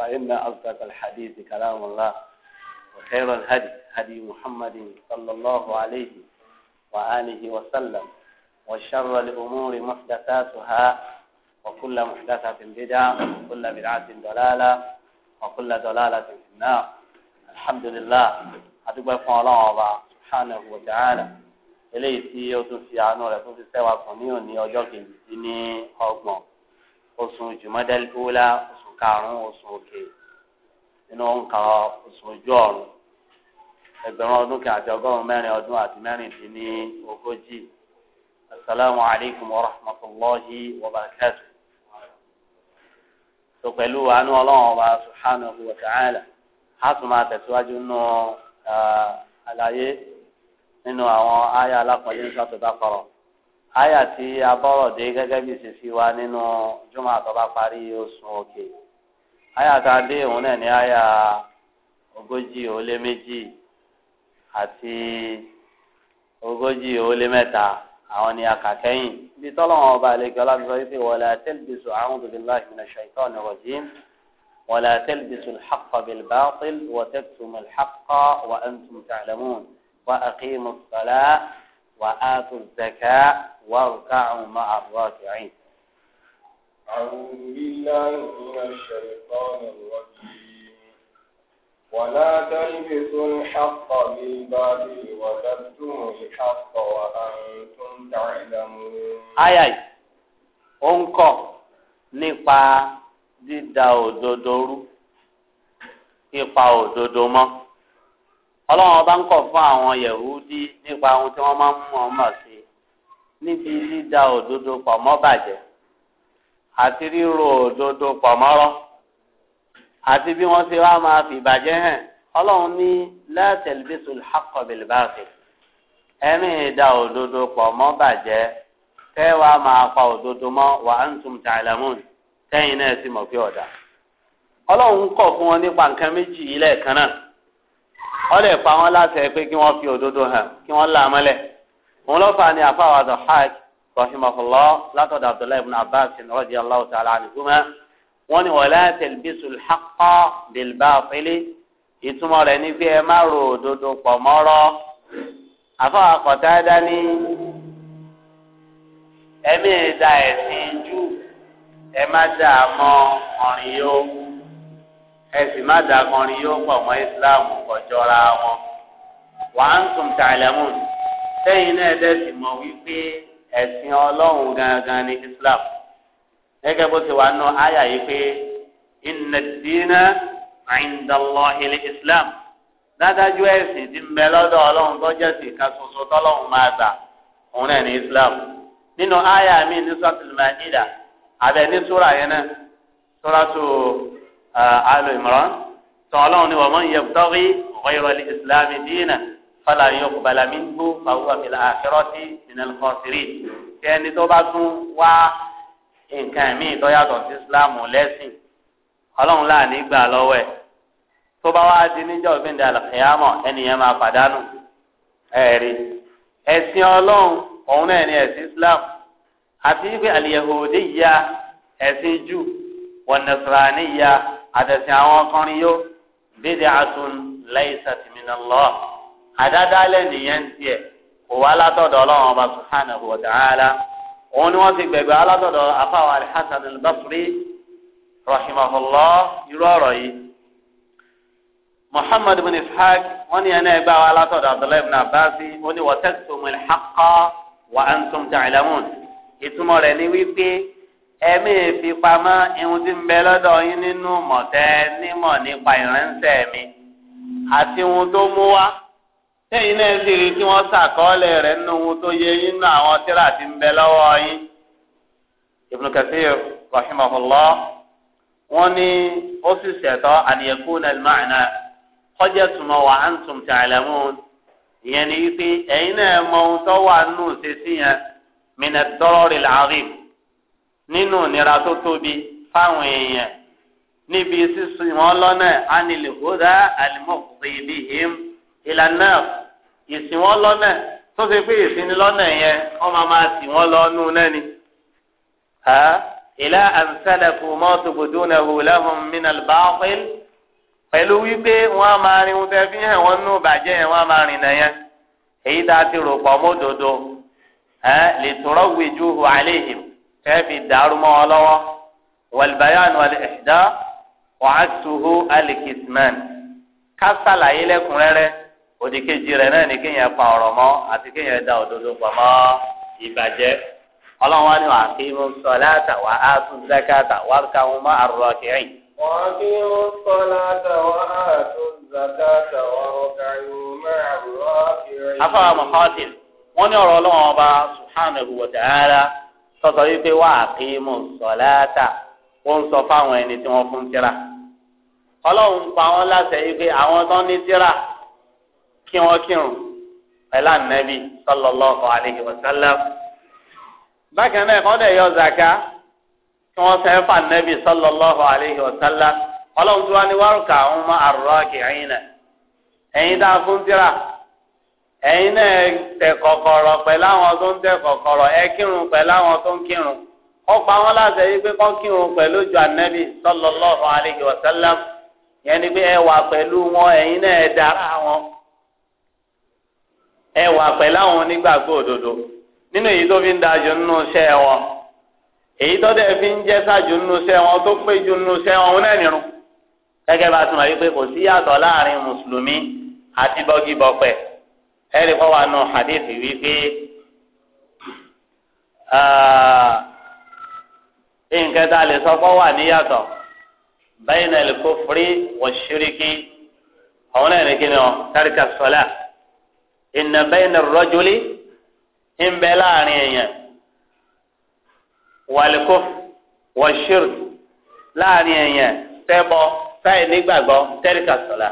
فإن أصدق الحديث كلام الله وخير الهدي هدي محمد صلى الله عليه وآله وسلم وشر الأمور محدثاتها وكل محدثة بدعة وكل بدعة ضلالة وكل ضلالة في النار الحمد لله أدوبي فعلا سبحانه وتعالى eléyìí tí ó tún fi àánú rẹ̀ tó fi sẹ́wà kan ní òní ọjọ́ kejì sí ní ọgbọ̀n oṣù jùmọ́dẹ́lẹ́kúlá karùn-ún oṣù òkè nínú òǹkà oṣù ojú ọ̀run ẹgbẹ̀rún ọdún kan àti ọgọ́rùn-ún mẹ́rin ọdún àti mẹ́rin dín ní ogójì asalaamu alaykum wa rahmatulahi wa barakatu. tó pẹ̀lú àánú ọlọ́run ọba subhanahu wa ta'ala a tún máa tẹ̀síwájú nínú àlàyé nínú àwọn àyà alákọ̀ọ́yé ní sọ́tò kọ̀rọ̀ àyà tí a bọ̀rọ̀ dé gẹ́gẹ́ bí ṣe fi wá nínú jùmọ̀ àtọ́ bá parí oṣù òkè aya ta dé òun náà ní aya ogójì ó lé méjì àti ogójì ó lé mẹ́ta àwọn ni akàkẹ́yìn bí tọ́lọ́wọ́n ọba àlejò aláàbísọ yìí pé wala talbisu a'udhu billahi minash shaitani rajim wala talbisu al-haqqa bil-batil wa taktumu al-haqqa wa antum ta'lamun wa aqimu as-salata wa atu az-zakata warka'u ma'a ar-raki'in. أعوذ بالله من الشيطان الرجيم ولا تلبسوا الحق بالباطل وتكتموا الحق وأنتم تعلمون آي آي أنكم nípa dídà òdodo rú ipa òdodo mọ́ ọlọ́run ọba ń kọ̀ fún àwọn yẹ̀húdí nípa ohun tí wọ́n máa ń mú ọmọ sí níbi dídà òdodo pọ̀ mọ́ bàjẹ́ àti ríro òdodo pọ̀mọ́rọ́ àti bí wọ́n ti wá máa fi ìbàjẹ́ hàn ọlọ́run ní la talbisul ẹ̀mí ìdá òdodo pọ̀ mọ́ bàjẹ́ kẹwàá máa pa òdodo mọ́ wa tẹ́yìn náà sì mọ̀ ọ̀dà ọlọ́run kọ̀ fún wọn nípa nǹkan méjì yìí lẹ́ẹ̀kan náà pa wọn pé kí wọ́n fi òdodo hàn kí wọ́n là á àfàwàdọ̀ hajj rahimahullah látọ̀dọ̀ abdullahi ibn abbas radiyallahu ta'ala anhuma wọ́n ní wala talbisul haqqa bil batili ìtumọ̀ rẹ̀ ní pé ẹ má ro òdodo pọ̀ mọ́rọ́ àfọwọ́ àkọ́tà dání ẹ̀mí ìdá ẹ̀sìn jù ẹ má dà á mọ́ yó ẹ má dà á yó pọ̀ mọ́ ìsìláàmù kọjọ́ra wọn wàá ń tún tàlẹ́mù sẹ́yìn náà ẹ̀dẹ́sì mọ̀ wípé ẹ̀sìn ọlọ́run gangan ní islam gẹ́gẹ́ bó ti wà nù àyà yìí pé inna ad-dina 'inda Allahi al-islam dádájú ẹ̀sìn ti ń bẹ lọ́dọ̀ ọlọ́run tó jẹ́ sí ìka ṣoṣo tọ́lọ́run máa gbà òun náà ní islam nínú àyà mi ní suratul Ma'idah abẹ ní sura yẹn náà suratu Al uh, Imran tọ́lọ́run ni wa man yabtaghi ghayra al-islami dinan fọlá yóò kó balami gbó fàwọn àmì àkẹrọtì minal khasirin kí ẹni tó bá tún wá nǹkan míì tó yàtọ̀ sí islam lẹ́sìn ọlọ́run láàánú gbà lọ́wọ́ ẹ̀ tó bá wá di níjọ́ ìgbìndà àlùkìyàmọ̀ ẹnìyẹn máa pàdánù ẹ̀rí ẹ̀sìn ọlọ́run òun náà ni ẹ̀sìn islam àti wípé àlìyẹ̀hòdì ya ẹ̀sìn jù wọ̀nẹ̀sìrànì ya àtẹ̀sìn àwọn ọkùnrin yó àdádálẹ̀ nìyẹn ń tiẹ̀ kò wá látọ̀dọ̀ ọlọ́run ọba subhanahu wa ta'ala òun ni wọ́n ti gbẹ̀gbẹ̀ alátọ̀dọ̀ afáwọn alhassan albasri rahimahullah irú ọ̀rọ̀ yìí muhammad bin ishaq wọ́n ní ẹni ẹgbẹ́ àwọn alátọ̀dọ̀ abdullahi bin abbasi wọ́n ní wọ́n tẹ́sítọ̀ mọ́ ìlhàkọ́ wa antum ta'lamun ìtumọ̀ rẹ̀ ni wípé ẹ̀mí ìfipamọ́ ihun ń bẹ lọ́dọ̀ yín nínú mọ̀tẹ́ nímọ̀ nípa ìránṣẹ́ mi àti ihun tó mú wá. sẹ́yìn náà sì rí kí wọ́n ṣàkọọ́lẹ̀ rẹ̀ nínú ohun tó yẹ yín àwọn tíra ti ń bẹ lọ́wọ́ yín Ibn Kathir rahimahullah wọ́n ní ó sì ṣẹ̀tọ́ an yakuna al-ma'na kọjá ìyẹn ni wípé ẹ̀yin náà mọ ohun tó wà nínú ṣèṣì yẹn min ad-darar nínú ìnira tó tóbi fáwọn èèyàn níbi sísun wọn lọ́nà ìlànà ìsìn wọn lọ́nà tó ṣe pé ìsinmi lọ́nà yẹn wọ́n máa máa sìn wọ́n lọ́nù náà ni. ìlà ànsálẹ̀kù mọ́tòbòdúnà hùlẹ́hùn mínàl báwíl pẹ̀lú wípé wọ́n á máa rin oúnjẹ fi hàn wọ́n nù bàjẹ́ yẹn wọ́n á máa rìn nìyẹn èyí tá a ti rò pọ̀ mọ́dodo lè tọrọ wíjú hu àléhìm ẹ fi dàrú mọ́ ọ lọ́wọ́ wàlbáyán wàlẹ̀ ẹ̀dá wàásùhù alìkìsmán ká sàlàyé lẹ́kùnrẹ́rẹ́ òdìkejì rẹ̀ náà ní kéèyàn pa ọ̀rọ̀ mọ́ àti kéèyàn da òdodo pọ̀ mọ́ ìbàjẹ́ ọlọ́run wa ni wàá kí mo sọ láàtà wà á tún zákàtà wà á ká wọn mọ́ àrùrọ̀ kẹrin. wàá kí mo sọ láàtà wà á tún zákàtà wà á ká wọn mọ́ àrùrọ̀ kẹrin. afọwọ́ mọ̀kọ́tìl wọ́n ní ọ̀rọ̀ ọlọ́run ọba subhanahu wa ta'ala sọ̀tọ̀ yìí pé wàá kí mo sọ láàtà wọ́n ń sọ fáwọn ẹni tí wọ́n fún tíra ọlọ́run pa wọ́n láṣẹ yìí pé àwọn tán ní tíra. kí wọ́n kírun pẹ̀lú ànábì sallallahu alaihi wasallam bákan náà kọ́ yọ zaka kí wọ́n fẹ́ fà ànábì sallallahu alaihi wasallam tí ní wárùkà àwọn ọmọ àrùrọ̀ kìíní náà fún tíra kọ̀kọ̀rọ̀ àwọn tó kọ̀kọ̀rọ̀ ẹ kírun àwọn tó ń kírun àwọn ẹ wà pẹ̀lú àwọn onígbàgbọ́ òdodo nínú èyí tó fi ń da jù nínú iṣẹ́ wọn èyí tó dẹ̀ fi ń jẹ́ sáàjù nínú iṣẹ́ wọn tó pé jù nínú iṣẹ́ wọn náà nírun gẹ́gẹ́ bá a ti mọ̀ wípé kò sí yàtọ̀ láàrin mùsùlùmí àti bọ́gìbọ̀pẹ̀ ẹ̀rí kọ́ wa nù hadithi wípé nǹkan tá a lè sọ pé wà níyàtọ̀ bẹ́ẹ̀ náà lè kó firi wọ́n ṣíríkì ọ̀hún náà ní kí ni ọ́ tẹ́ríkà sọ́lá inna bayna ar-rajuli ń bẹ láàrin èèyàn wal-kufr wash-shirk láàrin èèyàn ṣẹbọ sáì nígbàgbọ́ tẹríkà sọlá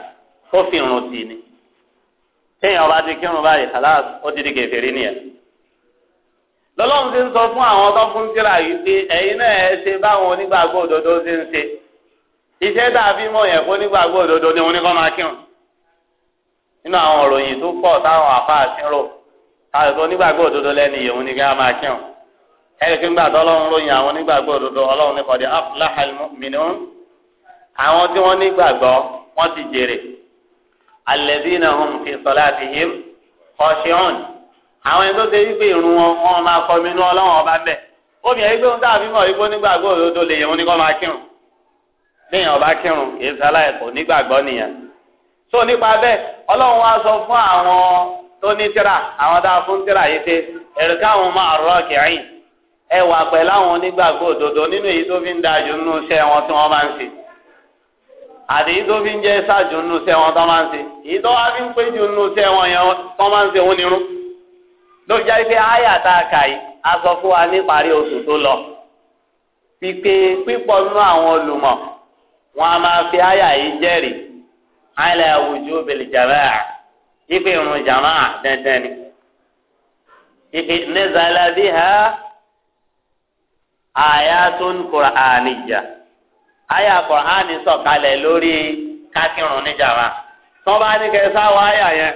kó fi irun tì ní téèyàn bá ti kírun báyìí kàlá ó ti di kèfèrí nìyẹn lọ́lọ́run ti ń sọ fún àwọn tó fún tíra yìí pé ẹ̀yin náà ẹ ṣe báwọn onígbàgbọ́ òdodo ṣe ń ṣe iṣẹ́ dàbí mọ̀ yẹn fún onígbàgbọ́ òdodo ni wọ́n ní kọ́ máa kírun nínú àwọn òròyìn tó pọ̀ táwọn àfáà ti ń rò táwọn ìfọ onígbàgbọ́ òdodo lẹ́nu ìyẹ̀wò ni ká máa kírun ẹ̀rìkí ńgbà tó ọlọ́run ròyìn àwọn onígbàgbọ́ òdodo ọlọ́run ní kọ́dí aflahal mu'minun àwọn tí wọ́n nígbàgbọ́ wọ́n ti jèrè alladhina hum fi salatihim khashi'un àwọn ẹni tó ṣe wípé ìrun wọn wọn máa kọ́ mi inú ọlọ́run ọba bẹ́ẹ̀ obìnrin ẹgbẹ́ ohun táàbí mọ̀ wípé onígbàgbọ́ so nípa bẹ́ẹ̀ ọlọ́run wa sọ fún àwọn tó ní tíra àwọn tá a fún tíra yìí pé ẹ̀rù káwọn máa rọ̀ kẹ́yìn ẹ wà pẹ̀lú àwọn onígbàgbọ́ òdodo nínú èyí tó fi ń da jù nínú iṣẹ́ wọn tí wọ́n máa ń ṣe àti èyí fi ń jẹ́ ṣáàjù nínú iṣẹ́ wọn tó máa ń ṣe èyí tó wá fi ń pé jù nínú iṣẹ́ wọn yẹn tó máa ń ṣe òun nírú ló fi pé àyà tá a kà yìí a sọ fún ala wujubil jamaa ife irun jamaa dandan ni ife nazala biha ayatun ha aya qur'ani sọ̀kalẹ̀ lórí kakirun ní jamaa tọ́ba ní kẹsà wọ aya yẹn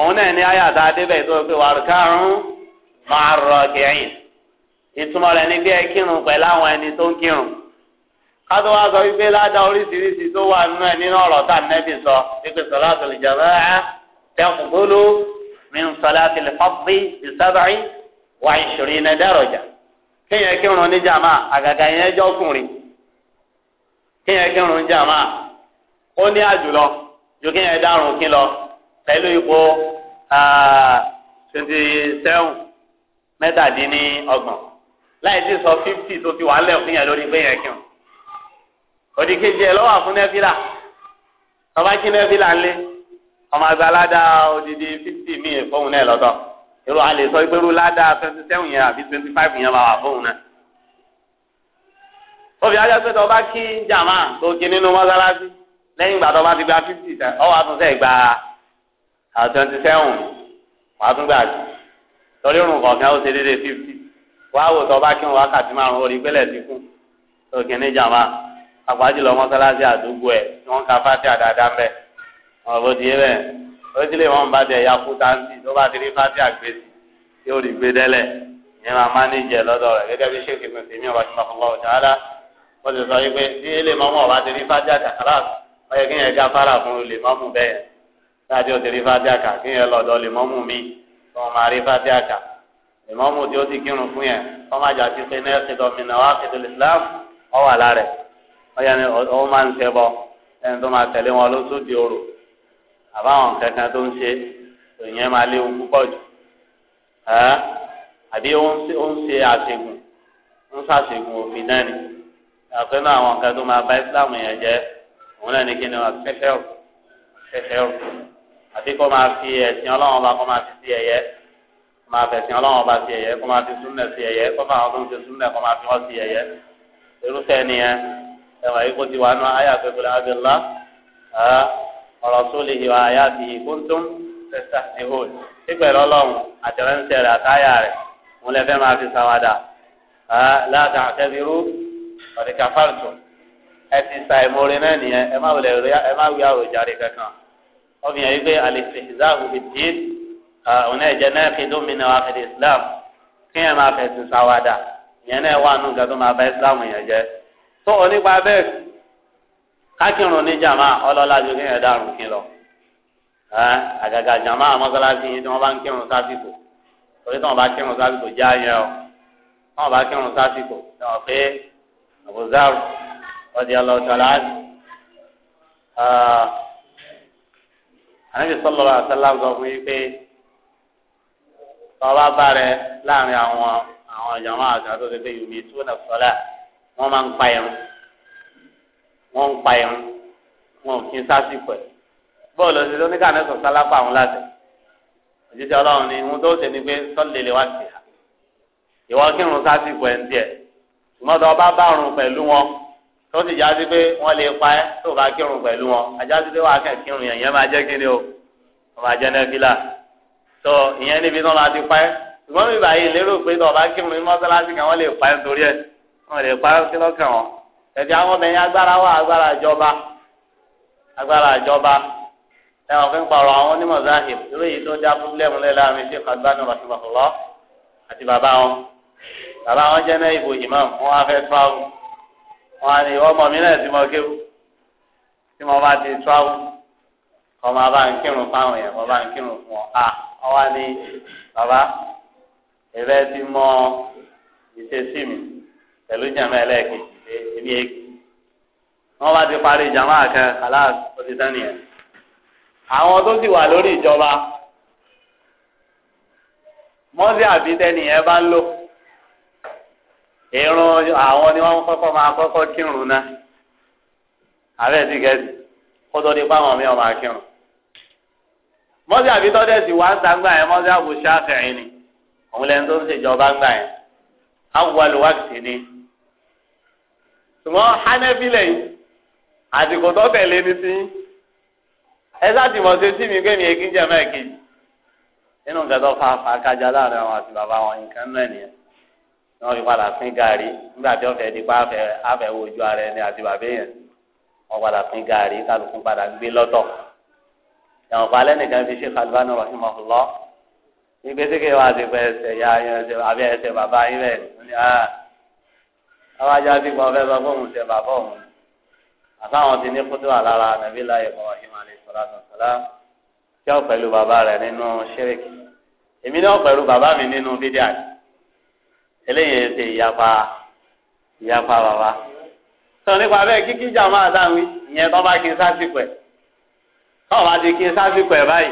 òun náà ní aya tá a débẹ̀ tó fi wàrúkàrún máa rọ̀ kẹ́yìn ìtumọ̀ rẹ̀ ní bí ẹ kírun pẹ̀lú àwọn ẹni tó ń kírun. kátó wá sọ wípé ládà oríṣiríṣi tó wà nínú ẹ nínú ọ̀rọ̀ tá nẹ́bì sọ wípé salatul jama'a taqbulu min salatil fadli bi sab'i wa ishrina daraja kéèyàn kírun ní jàmá àgàgà yẹn jọkùnrin kéèyàn kírun jàmá ó ní àjùlọ ju kéèyàn dárun kí lọ pẹ̀lú ipò twenty seven mẹ́tàdínní ọgbọ̀n láì sí sọ fifty tó fi wà lẹ̀ fún yẹn lórí pé yẹn kírun òdì kejì ẹ̀ lọ́wọ́ fún nẹ́fìlà tọ́ba kí nẹ́fìlà ńlẹ̀ ọmọ azalada odidi fifty mi fóun náà lọ́tọ̀ irú alẹ́ sọ pé irú twenty seven yẹn àbí twenty five yẹn máa wà fóun náà. obì ajá pé tọ́ba kí jàmá tó kí nínú mọ́sálásí lẹ́yìn ìgbà tọ́ba ti gba fifty tán ọwọ́ àtúnṣe gba twenty seven wàá tún gbà torí òrùn kọ̀ọ̀kan ó ṣe déédéé fifty wàá wò tọ́ba kí wọn wákàtí márùn-ún orí gbẹ́lẹ̀ ti kú ní jàmá àpájùlọ mọ́sálásí àdúgbò ẹ̀ tí wọ́n ka fáti àdáadáa mbẹ́ wọn bó ti yé ó ti lè wọ́n bá tẹ̀ ya kú táǹtì tó bá ti rí fáti àgbèsì tí ó rí gbé dẹ́lẹ̀ ìyẹn máa máa níjẹ lọ́dọ̀ rẹ̀ gẹ́gẹ́ bí ṣé kìnnìún tèmi ọ̀rọ̀ ṣe máa wọ́n ṣáádá ó ti sọ wípé tí ilé mọ́mọ́ ọ̀bá ti rí fáti àkàkàrà ó yẹ kí yẹn gá fara fún olè mọ́mù bẹ́ẹ̀ láti ó ti rí fáti àkà kí yẹn lọ́dọ̀ olè mọ́mù mi tó wọn máa rí fáti àkà ìmọ̀mù tí ó ti kírun fún yẹn kọ́ má jà sí pé nẹ́ẹ̀sì dọ̀mìnà wá kìdìlì islam ọ wà lára ẹ̀ ọyà ni ọwọ́ máa ń tẹ bọ ẹni tó máa tẹ̀lé wọn ló tún di orò àbáwọn kankan tó ń ṣe ìyẹn máa léwu púpọ̀ jù ẹ́ àbí ó ń ṣe àṣegùn ń ṣàṣegùn òfin náà ni àpẹ́ náà àwọn kan tó máa bá Islam yẹn jẹ́ òun náà ní kí ni wọn fẹ́fẹ́ rù fẹ́fẹ́ rù àti kó máa fi ẹ̀sìn ọlọ́run ọba kó máa fi sí ẹ̀yẹ kó máa fẹ̀sìn ọlọ́run ọba sí ẹ̀yẹ kó máa fi súnmẹ̀ sí ẹ̀yẹ kó máa fi súnmẹ̀ kó máa fi wọ́n sí ẹ̀yẹ irúfẹ́ nìyẹn ẹwà ikú ti wà nù ayà pẹ̀lú abẹ́lá ọ̀rọ̀ sólè ìwà ayà ti kúntùm tẹ̀sà ti hó pípẹ́ lọ́lọ́run àtẹ̀rẹ́nsẹ̀ rẹ̀ àtàyà rẹ̀ wọn lè fẹ́ máa fi sàwádà láti àtẹ́bírú ọ̀dẹ̀kà fáàtù ẹ ti sa ìmoore náà nìyẹn ẹ má wí àròjàre kankan ọ̀bìyàn yìí pé alìsìláàbù bìtìl ọ̀nà ẹ̀jẹ̀ náà fi dómìnà àfẹ́dẹ̀ islam kí ẹ máa fẹ̀sìn sàwádà ìyẹn náà wà nù gàdó máa bá islam yẹn jẹ́ tó o nípa bẹ́ẹ̀ kákìrún ní jàmá ọlọ́lá ju kí yẹn dárun kí lọ àgàgà jàmá mọ́sálásí yìí tí wọ́n bá ń kírun sásìkò torí tí wọ́n bá kírun sásìkò já yẹn o tí wọ́n bá kírun sásìkò ní wọ́n pé àbúzárù ọdí ọlọ́tọ̀lá ànábì sọlọ́lá àtàlá sọ fún yín pé tọ́ba bá rẹ láàrin àwọn àwọn jàmá àti àtúntò pé yomi túnà sọlá wọ́n máa ń pa ẹ̀rùn wọ́n ń pa ẹ̀rùn wọn ò kí ń sásìkò ẹ̀ bọ́ọ̀lù ọ̀sẹ̀ tó ní ká nẹ́sọ̀ sálápà àwọn láti òjijì ọlọ́run ni ohun tó ṣe ni pé sọ́ọ̀lẹ̀lẹ̀ wá sí i ìwọ kírun sásìkò ẹ̀ ń tiẹ̀ ṣùgbọ́n tó o bá bá rùn pẹ̀lú wọn tó sì já sí pé wọ́n lè pa ẹ́ tó o bá kírun pẹ̀lú wọn àjá sí pé wàá kẹ̀ kírun yẹn yẹn máa jẹ́ kí ni o wọ́n máa jẹ́ nẹ́fílà tó ìyẹn níbi tó máa ti pa ẹ́ ṣùgbọ́n mi báyìí lérò pé tó bá kírun ní mọ́sálásí kan wọ́n lè pa ẹ́ nítorí ẹ̀ wọn lè pa kí lọ́kàn wọn tẹ̀sí àwọn obìnrin agbára wà agbára ìjọba agbára ìjọba ẹ̀wọ̀n fi ń pààrọ̀ àwọn onímọ̀ záhìm irú yìí tó dá púpúlẹ̀mù lẹ́la mi sí kàdúránù rọ̀ṣùbọ̀ṣùlọ́ àti bàbá wọn bàbá wọn jẹ́ náà ìbò imam wọn á fẹ́ tíráwù wọn á ní ọmọ mi náà tí mo kéwù tí mo bá ti tíráwù ọmọ bá ń kírun fáwọn yẹn mo bá ń kírun fún ọ à wọn ah, á ní bàbá ìrẹ́ ti mọ ìṣesí mi pẹ̀lú jàmá ẹlẹ́ẹ̀kejì pé èmi èkì wọ́n bá ti parí jàmá kan kàláàs ọtí tán nìyẹn àwọn tó sì wà lórí ìjọba mọ́sí àbítẹ́nì yẹn bá ń lò irun àwọn ni wọ́n kọ́kọ́ máa kọ́kọ́ kírun náà àbẹ́ ti gẹ̀ẹ́sì kó tó di páwọn mi ò máa kírun mọ́sí àbítọ́dẹ̀sì wá ń ta gbà yẹn mọ́sí àbùsá fẹ̀yìn ni òun lẹ́nu tó ń ṣèjọba gbà yẹn awùwalùwàkìtì ni ṣùgbọ́n hánẹ́bí lẹ́yìn àsìkò tó tẹ̀lé ní sí ẹ sáàtì mọ̀ ṣe sí mi pé mi èkí jẹ́ mẹ́ẹ̀kì nínú nǹkan tó fa fàákájà láàrin àwọn àti bàbá wọn nǹkan náà nìyẹn ni fi padà pín gàrí nígbà tí wọ́n fẹ́ dípa àfẹ́ wojú ara ẹni àti bàbá yẹn wọ́n padà pín gàrí kálukú padà gbé lọ́tọ̀ ìyàwó falẹ́ nìkan fi ṣe kalibanu rahimahullah ìgbésíkè wa ti pẹ́ ẹsẹ̀ ya ẹsẹ̀ bàbá yín bẹ́ẹ̀ ni àwọn ajá sí kan fẹ́ sọ fún òun ṣe bàbá òun àtàwọn ti ní kótó àlára nàbí láyé Ibrahim alayhi salatu wassalam tí ó pẹ̀lú bàbá rẹ̀ nínú ṣírìkì èmi náà pẹ̀lú bàbá mi nínú bídíà eléyìí ṣe ìyapa ìyapa bàbá sọ nípa bẹ́ẹ̀ kíkí jà máa dáhùn ìyẹn tó bá kí n sásìkò ẹ̀ tó o bá ti kí n sásìkò ẹ̀ báyìí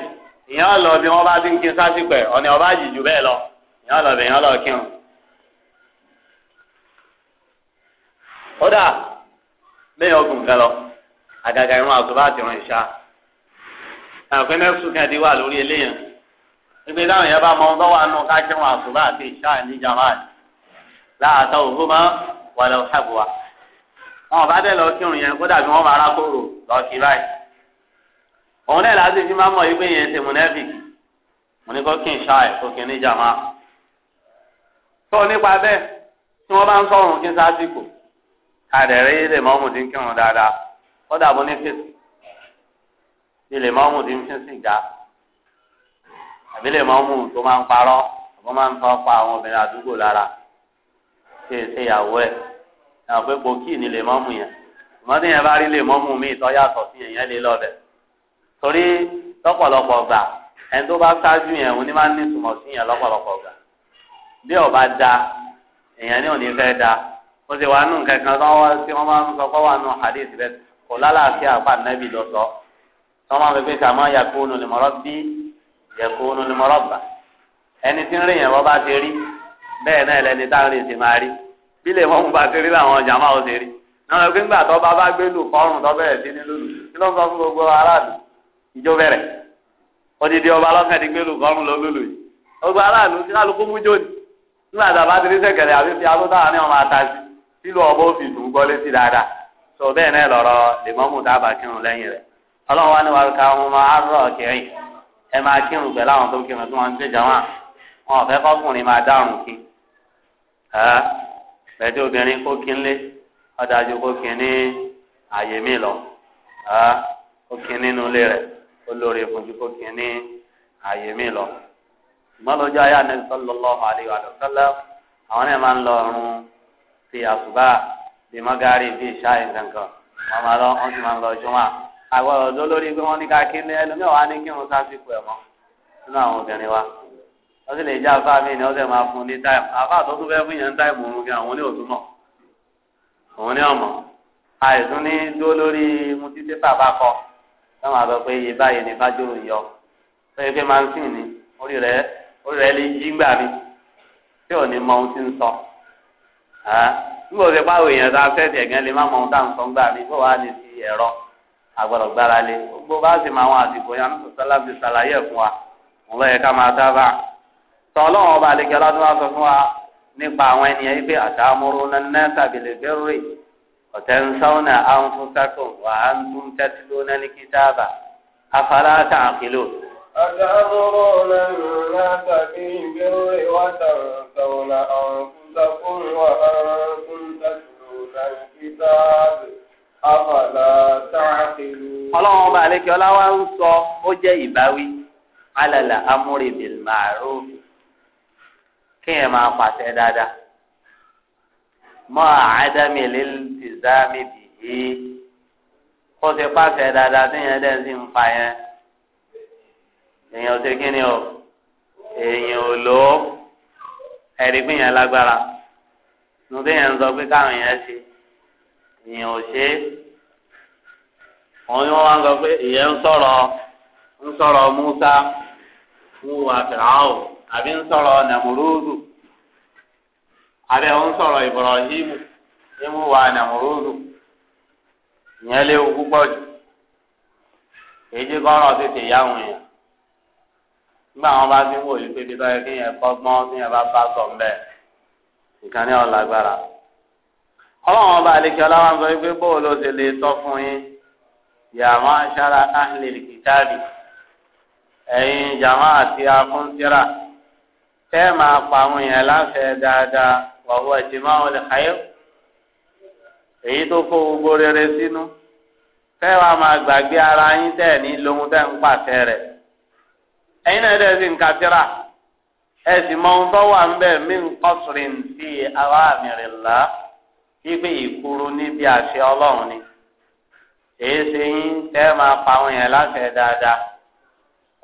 ìyẹn ọ̀lọ́ ni wọ́n bá ti kí n sásìkò ẹ̀ ọ̀nà kódà bẹ́ẹ̀ ọgùn kan lọ àgàgà ìrún àtúbà àti ìrún ìṣá àpẹ nẹ́fṣù kan ti wà lórí eléyàn ìgbé táwọn yẹn bá mọ ọdọ wà nù ká kírun àtúbà àti ìṣá ní jamaat láàtọ òhun mọ wàlẹ òṣàbùwà wọn bá dẹ lọ kírun yẹn kódà bí wọn bá arákòrò lọ kí báyìí òun náà láti fi máa mọ ìgbé yẹn ti mùnẹ́fìkì mo ní kó kí n ṣá ẹ̀ kó kí n ní tó nípa bẹ́ẹ̀ tí wọ́n bá ń sọ̀rùn kí n sásìkò àdẹ̀rẹ́ yìí lè mọ́mù dín kírun dáadáa kọ́dà bó ní fèsì yìí lè mọ́mù dín fèsì gá àbí lè mọ́mù tó máa ń parọ́ àbọ̀ máa ń fọ́ pa àwọn obìnrin àdúgbò lára ṣe é ṣe ìyàwó ẹ̀ àwọn pé gbòkì ni lè mọ́mù yẹn ìmọ̀tí yẹn bá rí lè mọ́mù míì tó yàtọ̀ sí yẹn lé lọ́bẹ̀ torí lọ́pọ̀lọpọ̀ gbà ẹni tó bá ṣáájú yẹn òun ni máa ń ní ìtumọ̀ sí yẹn lọ́pọ̀lọpọ̀ gbà bí ó da èèyàn ní òní fẹ́ da ó sì wà nù kankan tí wọ́n tí wọ́n máa ń sọ pé wà nù hadith rẹ kò lálàáfíà àpá nẹ́bì lọ sọ tí wọ́n máa fi pé sàmọ́ yakunu li murabbi yakunu li murabba ẹni tí ń rìn yẹn wọ́n bá ti rí bẹ́ẹ̀ náà lẹni tá à ń rìn sí máa rí bí lè wọ́n bá ti rí làwọn ọjà máa ó ti rí náà lọ́ọ́ gbẹ́ngbà tó bá bá gbé lù kọ́rùn tó bẹ̀rẹ̀ sí ní lónìí kí ló ń sọ fún gbogbo aráàlú ìjó bẹ̀rẹ̀ odidi ọba lọ́kàn ti gbé lù kọ́rùn ló lùlù gbogbo aráàlú kí kálukú mú jóni nígbà tá a bá ti rí sẹ̀kẹ̀rẹ̀ àbí fi abúlé àwọn ọmọ ata sílùú ọba fi dùn gbọ́ létí dáadáa tó bẹ́ẹ̀ náà lọ́rọ̀ lèmọ́mù dábàá kírun lẹ́yìn rẹ̀ ọlọ́run wá ní wàá ká wọn máa rọ̀ kẹrin ẹ máa kírun pẹ̀lú àwọn tó ń kírun tí wọ́n ń gbèjà wọn wọn ò fẹ́ kọ́kùnrin máa dárùn kí pẹ̀lú obìnrin kó kí ń lé ọ̀dájú kó kí ní àyè mí lọ kó kí nínú ilé rẹ̀ ó lórí ìfúnjú kó kí ní àyè mí lọ ṣùgbọ́n ayé àná sallallahu alaihi wa sallam àwọn náà máa ń lọ ọ̀run bíi àsùbá bíi mọ́gárì bíi ṣáì nǹkan wọn máa lọ wọn sì máa ń lọ jùmọ̀ àwọn ọ̀dọ́ lórí pé wọ́n ní ká kí ní ẹlòmíràn wá ní kírun sásìkò ẹ̀ mọ́ nínú àwọn obìnrin wa wọ́n sì lè jẹ́ àfáà mi ni wọ́n sì máa fún ní táìmù àfáà tó tún fẹ́ fún yẹn táìmù òun gan àwọn ní òtún mọ̀ òun ní ọ̀mọ̀ àìsùn ní dúró lórí mutí pépà bá kọ táwọn àgbẹ̀ pé iye báyìí ni fájòrò yọ sọ́yìn pé máa ń sìn ní orí rẹ̀ orí rẹ̀ lè yí gbà mí tí ò ní mọ ohun tí ń sọ nígbà tó ṣe pa àwọn èèyàn tá a fẹ́ tiẹ̀ gan lè má mọ ohun tá à ń sọ ń gbà mí bó wàá lè fi ẹ̀rọ agbọ́dọ̀ gbára lé gbogbo bá sì máa wọn àsìkò yẹn àmì sọ́lá fi ṣàlàyé ẹ̀ fún wa mo lọ́ọ́ yẹ ká máa sábà tọ́ ọlọ́run ọba àlejò aládùn wa sọ fún wa nípa àwọn ènìyàn yìí pé àtàmúrú náà tàbílẹ̀ bẹ́rẹ̀ ọ̀tẹ̀ ń sáwọnà àǹfọ̀sákò wà á ń لكم وأنتم تتلون الكتاب أفلا تعقلون ọlọ́run ọba àlekè ọlá wa ń sọ ó jẹ́ ìbáwí alàlà amúre bil ma'ruf kéèyàn máa pàṣẹ dáadáa mọ àádámi lẹ́lẹ́tìzámi bìí kó o ti pàṣẹ dáadáa téèyàn dẹ́n sì ń pa yẹn èèyàn ti kí ni o èèyàn ò lò ó. ẹ̀rí pé yẹn lágbára nùdí yẹn ń sọ pé káwọn yẹn ṣe ìyẹn ò ṣe é òun ni wá ń sọ pé ìyẹn ń sọ̀rọ̀ ń sọ̀rọ̀ Musa ń wà fìràwọ̀ àbí ń sọ̀rọ̀ Nàmúrúdù àbí ń sọ̀rọ̀ Ibrahim ń wà Nàmúrúdù ìyẹn léwu púpọ̀ jù èyí kọ́ nígbà wọn bá ti ń wò yìí pé bí báyọ̀ kí yẹn kọ́gbọ́n kí yẹn bá bá sọ̀ mbẹ́ nǹkan ní ọ̀la gbára. ọlọ́run ọba àlekí ọláwà ń sọ wípé bó ló ṣe lè sọ fún yín yàmá ṣára áhìlì kìtàbì ẹ̀yin jàmá àti akúntìrà tẹ́ máa pa àwọn èèyàn láfẹ̀ẹ́ dáadáa wàhùn ẹ̀jìmá wọn lè káyọ̀ èyí tó kó gbogbo rere sínú tẹ́ wàá máa gbàgbé ara yín tẹ̀ ní lóhun tẹ́ ń pàṣẹ rẹ̀. ẹ̀yin náà dẹ̀ sì ń kàtírà ẹ sì mọ ohun nti, wà ń bẹ̀ mí ń kọ́sìrín sí àwọn àmì lá wípé ìkúrú níbi àṣẹ ọlọ́run ni èyí ṣe yín tẹ́ máa pa àwọn yẹn láfẹ̀ẹ́ dáadáa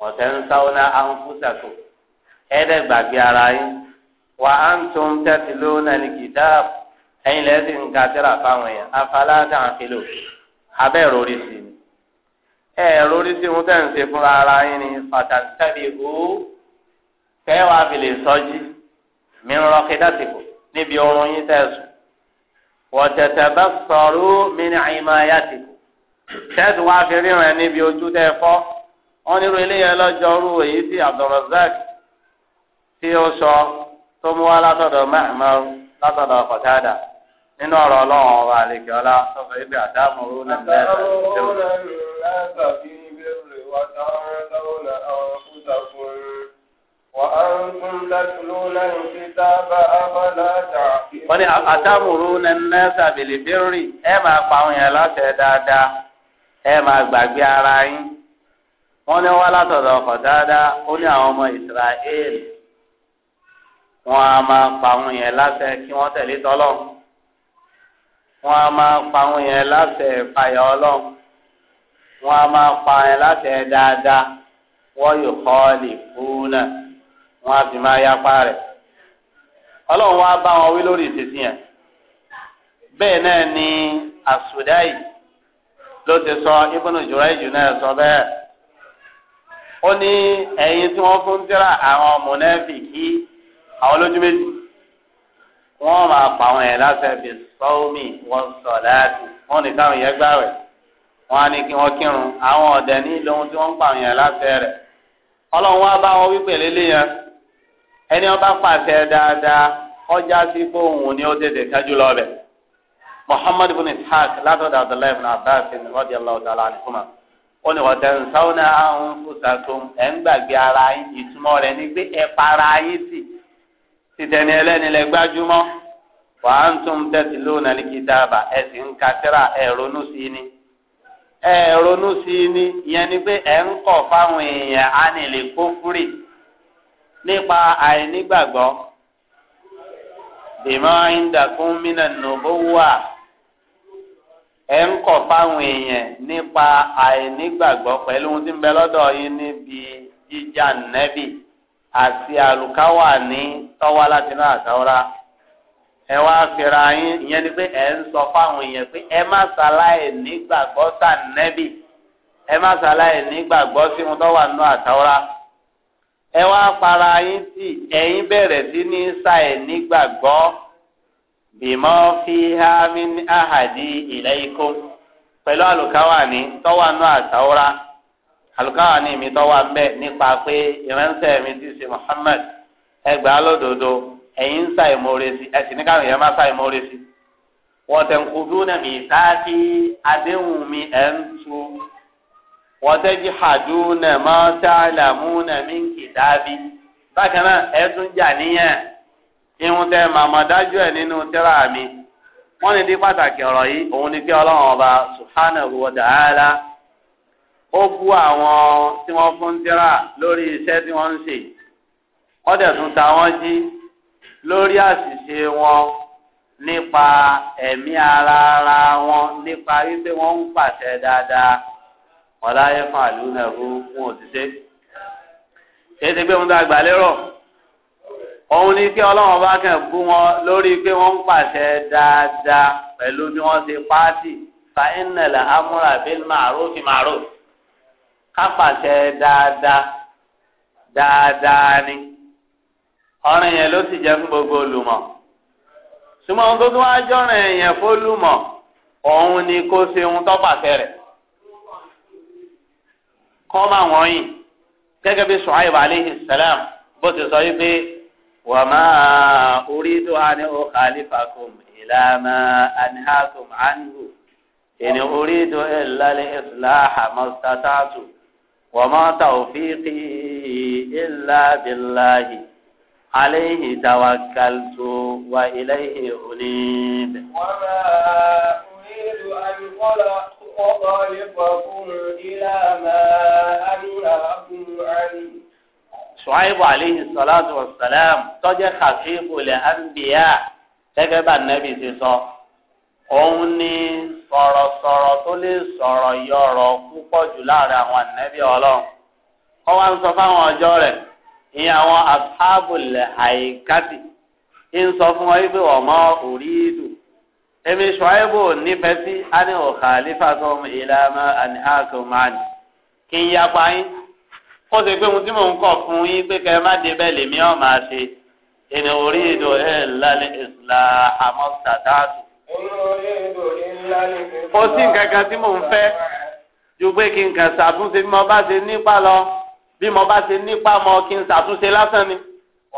ọ̀tẹ̀ ń sáwọn gbagbara á wa kú sàkó ẹ̀ẹ́dẹ̀gbàgbé ara yín wà á ń tún tẹ́tí lónà ní kìdáàbù ẹ̀yin lẹ́sìn ń fáwọn yẹn abẹ́rò sí i. ẹ lórí tí mo tẹ̀ ń ṣe fúnra ara yín ni pàtàkì tàbí ìhó kẹwàá fi lè sọjí mi ń rọ kídàsìkò níbi oorun yín tẹ̀sùn wọ̀tẹ̀tẹ̀ bá sọ̀rọ̀ mi ní àyìnbá ayátìkò tẹ́sùn wá fi ríran níbi ojú tẹ́ fọ́ wọ́n nírú eléyẹ lọ́jọ́rú èyí tí Abdulrazak tí ó sọ tó mú wá látọ̀dọ̀ mahmud látọ̀dọ̀ kọ̀tádà nínú ọ̀rọ̀ ọlọ́run ọba àlekè ọlá tó fẹ́ gbé àdámọ̀rú lẹ́nu lẹ́sẹ̀ tó. الناس في البر وتولون أنفسكم وأنتم تتلون الكتاب أفلا تعقلون wọ́n ní أتأمرون الناس بالبر ẹ máa pa àwọn èèyàn láṣẹ dáadáa ẹ máa gbàgbé ara yín wọ́n ní wá látọ̀dọ̀ ọkọ̀ dáadáa ó ní àwọn ọmọ Ísírẹ́lì wọ́n á máa pa àwọn èèyàn láṣẹ kí wọ́n tẹ̀lé tọ́lọ́ wọ́n á máa pa àwọn èèyàn láṣẹ ìfàyà Ọlọ́run wọn a máa pa láti ẹ dáadáa wọ́n yóò ọ lè fún náà wọn a sì máa yapa rẹ̀ ọlọ́run wa bá wọn wí lórí ìṣesí yẹn bẹ́ẹ̀ náà ni àsùdáì ló ti sọ ibùnú ìjọra ìjù náà sọ bẹ́ẹ̀ ó ní tí fún tíra àwọn àwọn méjì máa láti wọn á ní kí wọn kírun àwọn ọ̀dẹ̀ ní tí wọn ń pa àwọn yẹn rẹ̀ ọlọ́run wá bá wọn wípé lélẹ̀ yẹn ẹni ó bá pàṣẹ dáadáa ọjà sí fóun ní ó tètè lọ muhammadu bin abdullahi bin ó ní ara yín rẹ̀ ní pé ẹ para yín sí lẹ wàá ń tún ẹ ronú sí i ìyẹn ni pé ẹ ń fáwọn èèyàn nípa àìnígbàgbọ́ bìmọ̀ ìdàkún mìíràn nùbó wà ẹ ń fáwọn èèyàn nípa àìnígbàgbọ́ pẹ̀lú ohun tí ń bẹ lọ́dọ̀ yín níbi jíjà nẹ́bì ẹ wá fira yín ìyẹn ni pé ẹ ń sọ fáwọn èèyàn pé ẹ má ṣàlàyé nígbàgbọ́ sànẹ́bì ẹ má ṣàlàyé nígbàgbọ́ sí wọn tó wà nínú àtàwọ́rá ẹ wá para yín fi hami ahadi ilẹ̀ ikó pẹ̀lú àlùkáwà ní tó wà nínú àtàwọ́rá àlùkáwà ní mi tó wà ń bẹ̀ nípa ẹ̀yin ń ṣàìmọ̀ọ́rẹ́ sí ẹ̀sìn ní káwọn èèyàn máa ṣàìmọ̀ọ́rẹ́ sí. wọ́n tẹ̀ ń kojú náà mi táàkì adéhùn mi ẹ̀ ń tu wọ́n tẹ̀ jí hàdú náà máa tá àlàmú náà mi ń kì dábí. bákan náà ẹ tún jà níyàn ihun tẹ màmá dájú ẹ nínú tẹ́lá mi. wọ́n ní dí pàtàkì ọ̀rọ̀ yìí òun ni pé ọlọ́run ọba subhanahu wa ta'ala ó bú àwọn tí wọ́n fún tẹ́lá lórí iṣẹ́ tí wọ́n ń ṣe. wọ́n dẹ̀ tún ta wọ́n jí lórí àṣìṣe wọn nípa ẹ̀mí ara ara wọn nípa wípé wọ́n ń pàṣẹ dáadáa ọ̀láyé fún àlùnà fún òṣìṣẹ́. kìí ṣe pé wọ́n dá àgbà lérò òun ni kí ọlọ́run bá kàn bú wọn lórí pé wọ́n ń pàṣẹ dáadáa pẹ̀lú bí wọ́n ṣe pàṣẹ fàínàlà amúra bíi màrúfì màrúfì ká pàṣẹ dáadáa dáadáa ni ọ̀rìn yẹn ló sì jẹ́ fún gbogbo olùmọ̀ súnmọ́ ohun tó tún wá jọ́rìn yẹn fólùmọ̀ òun ni kó ṣe ohun tó pàṣẹ rẹ̀ kọ́ máa wọ́n yìn gẹ́gẹ́ bí Shu'aib alayhi salam bó ti sọ wípé wa ma uridu an ukhalifakum ila ma anhakum anhu in uridu illa al-islaha mastata'tu wa ma tawfiqi illa billahi. عليه توكلت وإليه أنيب وما أريد أن أخالفكم إلى ما أنهاكم عنه شعيب عليه الصلاة والسلام تجي خفيف الأنبياء gẹ́gẹ́ bá nẹ́bí ti sọ òun ni sọ̀rọ̀sọ̀rọ̀ tó lè sọ̀rọ̀ yọ̀rọ̀ púpọ̀ jù láàrin àwọn ànẹ́bí ọlọ́run wọ́n wá ń sọ fáwọn ọjọ́ rẹ̀ ìyẹn àwọn asábòlẹ̀ àìkátì ń sọ fún wọn wípé ọmọ òrí ìlú èmi ṣọ́ẹ́bù nífẹ̀ẹ́ sí ani òkàlífà tó ń ìlànà àníhàkùn máa ní kí n yapa yín ó ṣe pé mo tí mò ń kọ̀ fún yín pé kẹ́ ẹ má dé bẹ́ẹ̀ lèmi ọ̀ máa ṣe ìní orí ìdò ẹ̀ lálẹ́ ìsìlá àmọ́ sàdáàtù. ó sì ń kankan tí mò ń fẹ́ ju pé kí n kàn ṣàtúnṣe bí mo bá ṣe nípa lọ bí mo bá ṣe nípa mọ kí n ṣàtúnṣe lásán ni.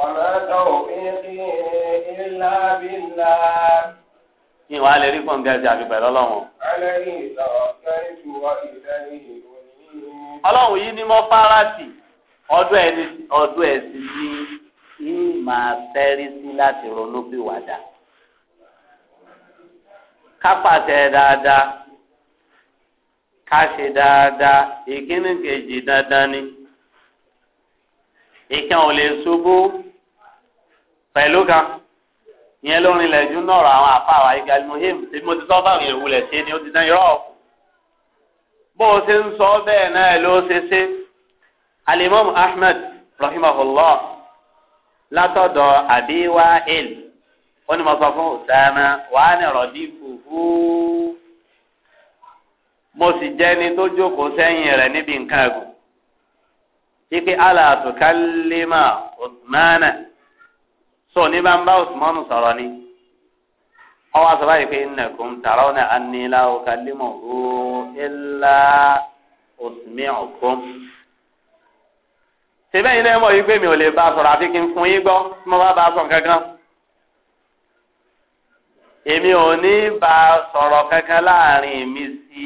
ọ̀nà tawfiqi illa billah. ìwà lè rí kóńgá ẹ̀jẹ̀ àbí pẹ̀lú ọlọ́run. ọlọ́run yìí ni mo fara sí ọdún ẹni ọdún ẹ̀sìn ní yìí máa fẹ́rí sí láti ronú bí wàdà. kápàtẹ dáadáa ká ṣe dáadáa ìkíni kejì dandan ni ìkan ò lè ṣubú pẹ̀lú kan ìyẹn ló rinlẹ̀ jù nọ̀rọ̀ àwọn àfa àwa igi alimuhim tí mo ti sọ fáwọn èrò wulẹ̀ ṣe ni ó ti dán irọ́ bó o ṣe ń sọ bẹ́ẹ̀ náà ló ṣe ṣe alimami ahmed rahimahullah látọ̀dọ̀ àbí wa'il ó ní mo sọ fún Usama wàá ní rọ̀dí fùfú mo sì jẹ́ ni tó jókòó sẹ́yìn rẹ̀ níbi nǹkan ẹ̀kọ́ ipe alaatukalima usmana so ní bá ń bá usmanu sọ̀rọ̀ ni ọwọ àti báyìí pé innakum tarawna anni la ukallimuhu illa usmi'ukum sebe yìí lẹ́mọ̀ yìí pé mi ò lè bá sọ̀rọ̀ àfi kí n fún yín gbọ́ mo bá bá sọ̀ kankan èmi ò ní bá sọ̀rọ̀ kankan láàrin mi sí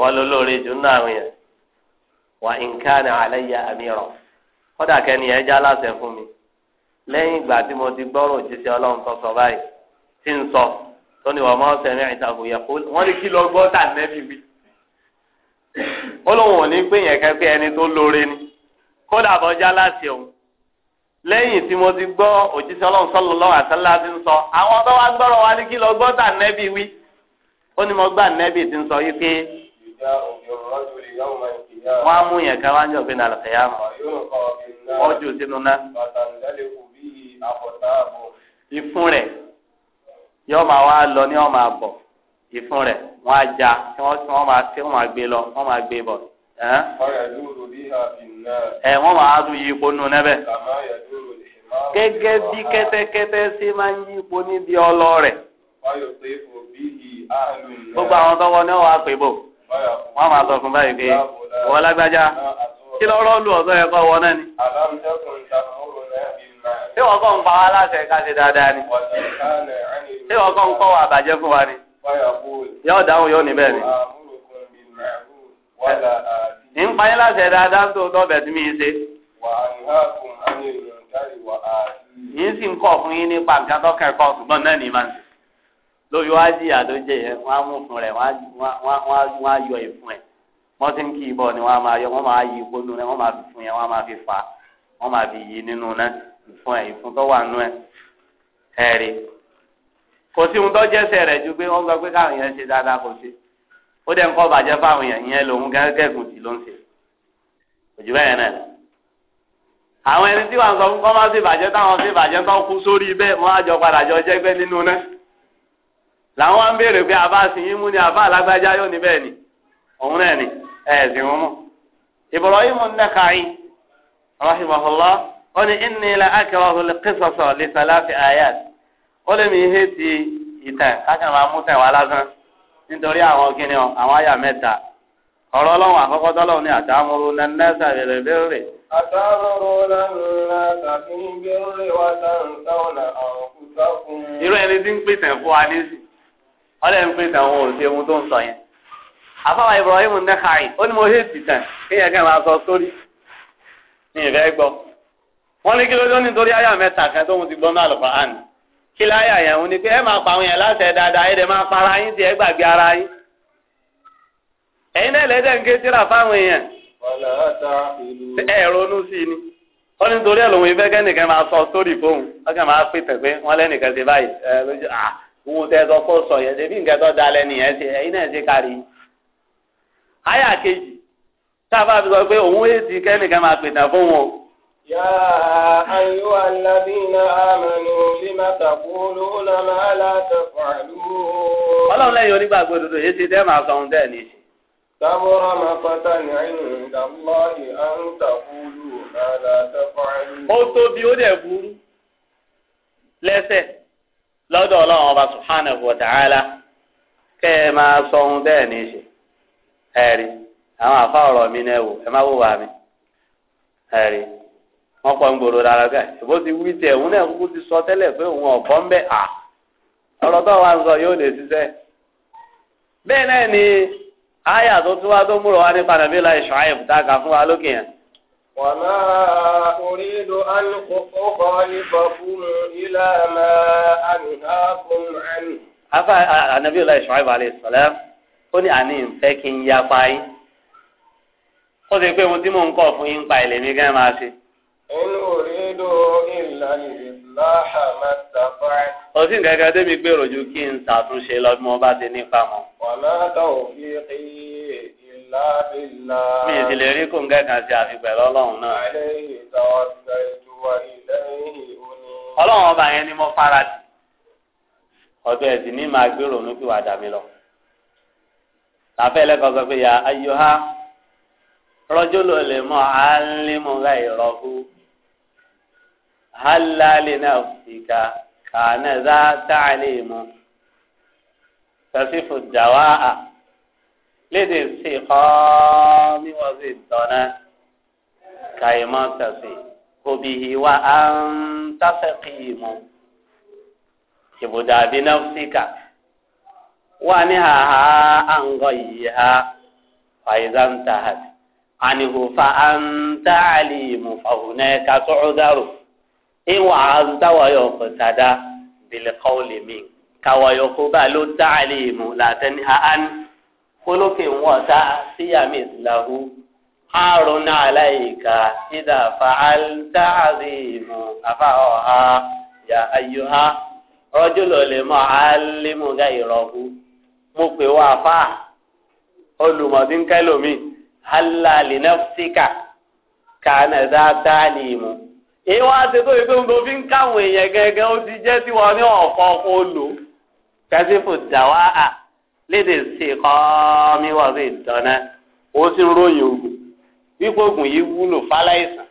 wọ́n lọ lórí jù nínú àwọn yẹn wà nǹkan àlẹyà àmìràn kódà kẹni ẹ já láṣẹ fún mi lẹ́yìn ìgbà tí mo ti gbọ́rọ̀ òjíṣẹ́ Ọlọ́run tó sọ báyìí tí ń sọ tó ní wọ́n máa ń sẹmí ìtàkùn yẹn kó wọn ní kí lọ gbọ́ tà nẹbi wí ó lóun ò ní pé yẹn kẹfẹ ẹni tó lóore ni kódà bọ já láṣẹ òun lẹ́yìn tí mo ti gbọ́ òjíṣẹ́ Ọlọ́run sọlọ lọ́wọ́ àtàlà ti ń sọ àwọn tó wá gbọ́rọ̀ wa ní kí lọ gbọ́ tà nẹbi wí ó ní mo gbà nẹbi ti ń sọ yìí pé wọ́n á mú yẹn ká wá ń jọ fi nà lọ́kẹ́yà mọ́ wọ́n jù sínú náà ìfun rẹ̀ yóò máa wá lọ ní ọmọ àbọ̀ ìfun rẹ̀ wọ́n á já kí wọ́n máa kí wọ́n máa gbé lọ wọ́n máa gbé bọ̀ ẹ wọ́n máa tún yí ipò nù nẹ́bẹ̀ gẹ́gẹ́ bí kẹ́tẹ́kẹ́tẹ́ ṣe máa ń yí ipò níbi ọlọ rẹ̀ gbogbo àwọn tọwọ́ ni wọ́n wá pè bò. wọ́n máa sọ fún báyìí pé wọ́n lágbájá kí lọ́rọ́ ẹ̀kọ́ wọn náà ni. ṣé wọ́n kọ́ ń pa wá láṣẹ ká ṣe dáadáa ni. ṣé wọ́n kọ́ ń kọ́ fún wa ni. yóò dáhùn yóò ni. ń pa yín láṣẹ dáadáa tó lọ́bẹ̀ tí mi ṣe. sì ń kọ̀ fún yín nípa nǹkan tó kẹ́kọ̀ọ́ ṣùgbọ́n náà lórí wá jìyà tó jẹ yẹn wọn á mú fún rẹ wọn á yọ ìfún ẹ wọn ti ń kí ibọ ni wọn á máa yọ wọn máa yí ìpolú rẹ wọn máa fi fún yẹn wọn á máa fi fà á wọn máa fi yí nínú náà ìfún ẹ ìfún tó wà nú ẹ ẹrí kò sí ohun tó jẹsẹ rẹ ju pé wọn gbọ́ pé káwọn yẹn ṣe dáadáa kò sí ó dẹ̀ ń bàjẹ́ fáwọn yẹn ìyẹn lòun gẹ́gẹ́gùn sí ló ń ṣe òjú bẹ́ẹ̀ náà àwọn ẹni tí wọn sọ fún kọ́ máa ṣe bàjẹ́ táwọn ṣe bàjẹ́ tó kú sórí bẹ́ẹ̀ wọ́n á jọ padà jọ jẹ́gbẹ́ nínú náà. làwọn ń béèrè pé àbá sì yín mú ni àbá alágbájá yóò ní bẹ́ẹ̀ ni òun náà ni ẹ̀ẹ́dìn mú. rahimahullah ó ní inni la akrahu al-qisasa ayat ó lè mi ihe ti ìtàn kákan máa mú tẹ̀ lásán nítorí àwọn kíni àwọn àyà mẹ́ta ọ̀rọ̀ ọlọ́run àkọ́kọ́ tọ́lọ́run ní àtàmúrú nẹ́ẹ̀sà bèrè bèrè. àtàmúrú bèrè wá àwọn fún. irú ẹni tí ń wọ́n lè ń pè tàwọn òsì ohun tó ń sọ yẹn àfáwà Ibrahim nẹ́kàáyì ó ní mo hé tìtàn kéèyàn kan máa sọ sórí ní ìfẹ́ gbọ́ wọ́n ní kí ló dé nítorí àyà mẹ́ta kan tóun ti gbọ́ ní Al-Qur'an kí láyà yẹn òun ni pé ẹ máa pa àwọn yẹn láti ẹ̀ dáadáa ẹ̀ dẹ̀ máa para yín tí ẹ gbàgbé ara yín ẹ̀yin náà lẹ́dẹ̀ ń ké síra fáwọn èèyàn ẹ ronú sí i ni wọ́n ní torí ẹ̀ lòun ìfẹ́ kẹ́nìkan máa sọ sórí fóun wọ́n òun tẹ sọ kó sọ yẹn ṣebí nǹkan tó da ṣe ẹ̀yin náà ṣe kárí. àyà kejì tá fi sọ pé òun èsì kẹ́nìkan máa pètàn fún wọn. يا أيها الذين آمنوا لم تقولون ما لا تفعلون. ọlọ́run lẹ́yìn onígbàgbọ́ òdodo yìí ti dẹ́ máa sọ ohun tẹ́ ní í ṣe. كبر مقتا عند الله أن تقولوا ما لا تفعلون. ó tóbi ó dẹ̀ burú lẹ́sẹ̀. lọ́dọ̀ ọlọ́run ọba subhanahu wa kẹ́ ẹ máa sọ ohun bẹ́ẹ̀ ní í ṣe ẹ̀rí àwọn àfa ọ̀rọ̀ mi náà wò ẹ má wò wá mi ẹ̀rí wọ́n pọ̀ ń gbòòrò rárá ìbò ti wí tiẹ̀ òun náà kúkú ti sọ tẹ́lẹ̀ pé òun ọ̀bọ ń bẹ́ à ọ̀rọ̀ tó wà ń sọ yóò lè ṣiṣẹ́ bẹ́ẹ̀ وما أريد أن أخالفكم إلى ما أنهاكم عنه afa anabi ọlá Ṣuaibu alayhi salam ó ní àní ìfẹ́ kí n ya pa yín ó sì pé ohun tí mò ń kọ̀ fún yín pa ilẹ̀ mi gán máa ṣe. inú rídò ìlà ìlàhà máa tàbá. ọtí nǹkan kan débi gbèrò ju kí n ṣàtúnṣe lọ bí mo bá ti nípa mọ. wàhálà tó fi kí mi ì sì lè rí kóńgá kan sí àfi pẹ̀lú ọlọ́run náà. ọlọ́run ọba yẹn ni mo fara sí ọdún ẹ̀sìn ní màá gbèrò ní fi wà dà mí lọ. tàbí ẹlẹ́kọ̀ọ́ sọ pé ya ayọ̀há rọ́jò ló lè mọ àálímù láì rọ́hú hálálì náà fìkà kàánà zá tàálímù tẹ̀sífù jàwá à léde sí kọ́ bí wọ́n sì dọ̀nà kàìmọ́ tẹ̀sí òbí ìwà à ń tàfẹ́ kì í mu ìbùdó àbí nọ́fíkà wà ní àhá à ń gọ yìí ha fàyíṣà ń ta hàt ànihò à ń tà àlì mu fàhùnẹ́ ká tó ìwà à ń táwọ̀yọ̀ kò tàdá bìlẹ̀ kọ́ọ̀lì mi káwọ̀yọ̀ kó bá ló tà àlì mu làtẹ́ni ha kólókè wọn ta síyàmì ìsìláhù àrùnà aláìka ìdá fàáltà àzìmù àfàọ̀há yà ayọ̀há rọ́júlọ̀ lè mọ àálímù gá mo pè wá fà olùmọ̀dínkẹ́lòmí hàlàlì nẹ́fṣíkà kànáda tálímù èyí wá ṣe tó yẹ ń bọ káwọn èèyàn gẹ́gẹ́ ó ti jẹ́ tiwọn ní kẹ́sífù dàwáà. léde sí kọ́mí wà sí ìdáná ó sì ń ròyìn ogun wípé ogun yìí wúlò fáláìsàn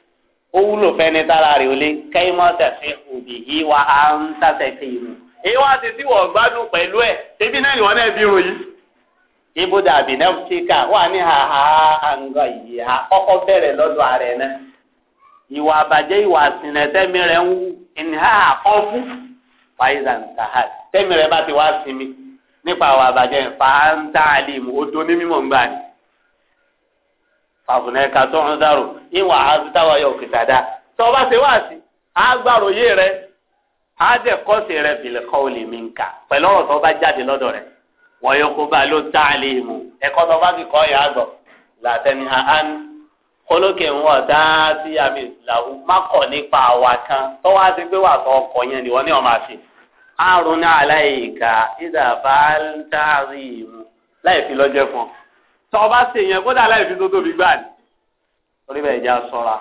ó wúlò fẹ́ni tára rẹ̀ ó lé kẹ́mọ́ tẹ̀sí òbí yìí wà á ń tàṣẹ kí ìmọ̀. èyí wá ti tí wọ́n gbádùn pẹ̀lú ẹ̀ ṣébí náà ìwọ náà bí ròyìn. ibo dàbí náà ti kà wà ní àhà àǹgọ̀ yìí àkọ́kọ́ bẹ̀rẹ̀ lọ́dọ̀ ààrẹ náà. ìwà àbàjẹ́ ìwà àsìnẹ̀tẹ́mi tẹ́mi nípa àwọn àbàjẹ́ fàáńtà àlìmù ń gbà ní. fàfùnẹ́ ká dárò ìwà àbútáwà yọ òkìtà tó o bá ṣe wá sí a gbàrò yé rẹ ha dẹ̀ kọ́sì rẹ bìlẹ̀ ò lè mí nkà pẹ̀lú ọ̀rọ̀ tó bá jáde lọ́dọ̀ rẹ wọ́n yóò kó bá ló tá ẹ̀kọ́ tó bá ti kọ́ yà á làtẹ́ni àán olókè ń wọ̀ àmì má kọ̀ nípa àwa ni wọ́n ní àrùn aláìka ìdàbà ntàrí mu láì fi lọ́jọ́ fún ọ. tọ́ ọ bá ṣe yẹn kódà láì fi tó tóbi gbà ní. orí bẹ́ẹ̀ já sọ́ra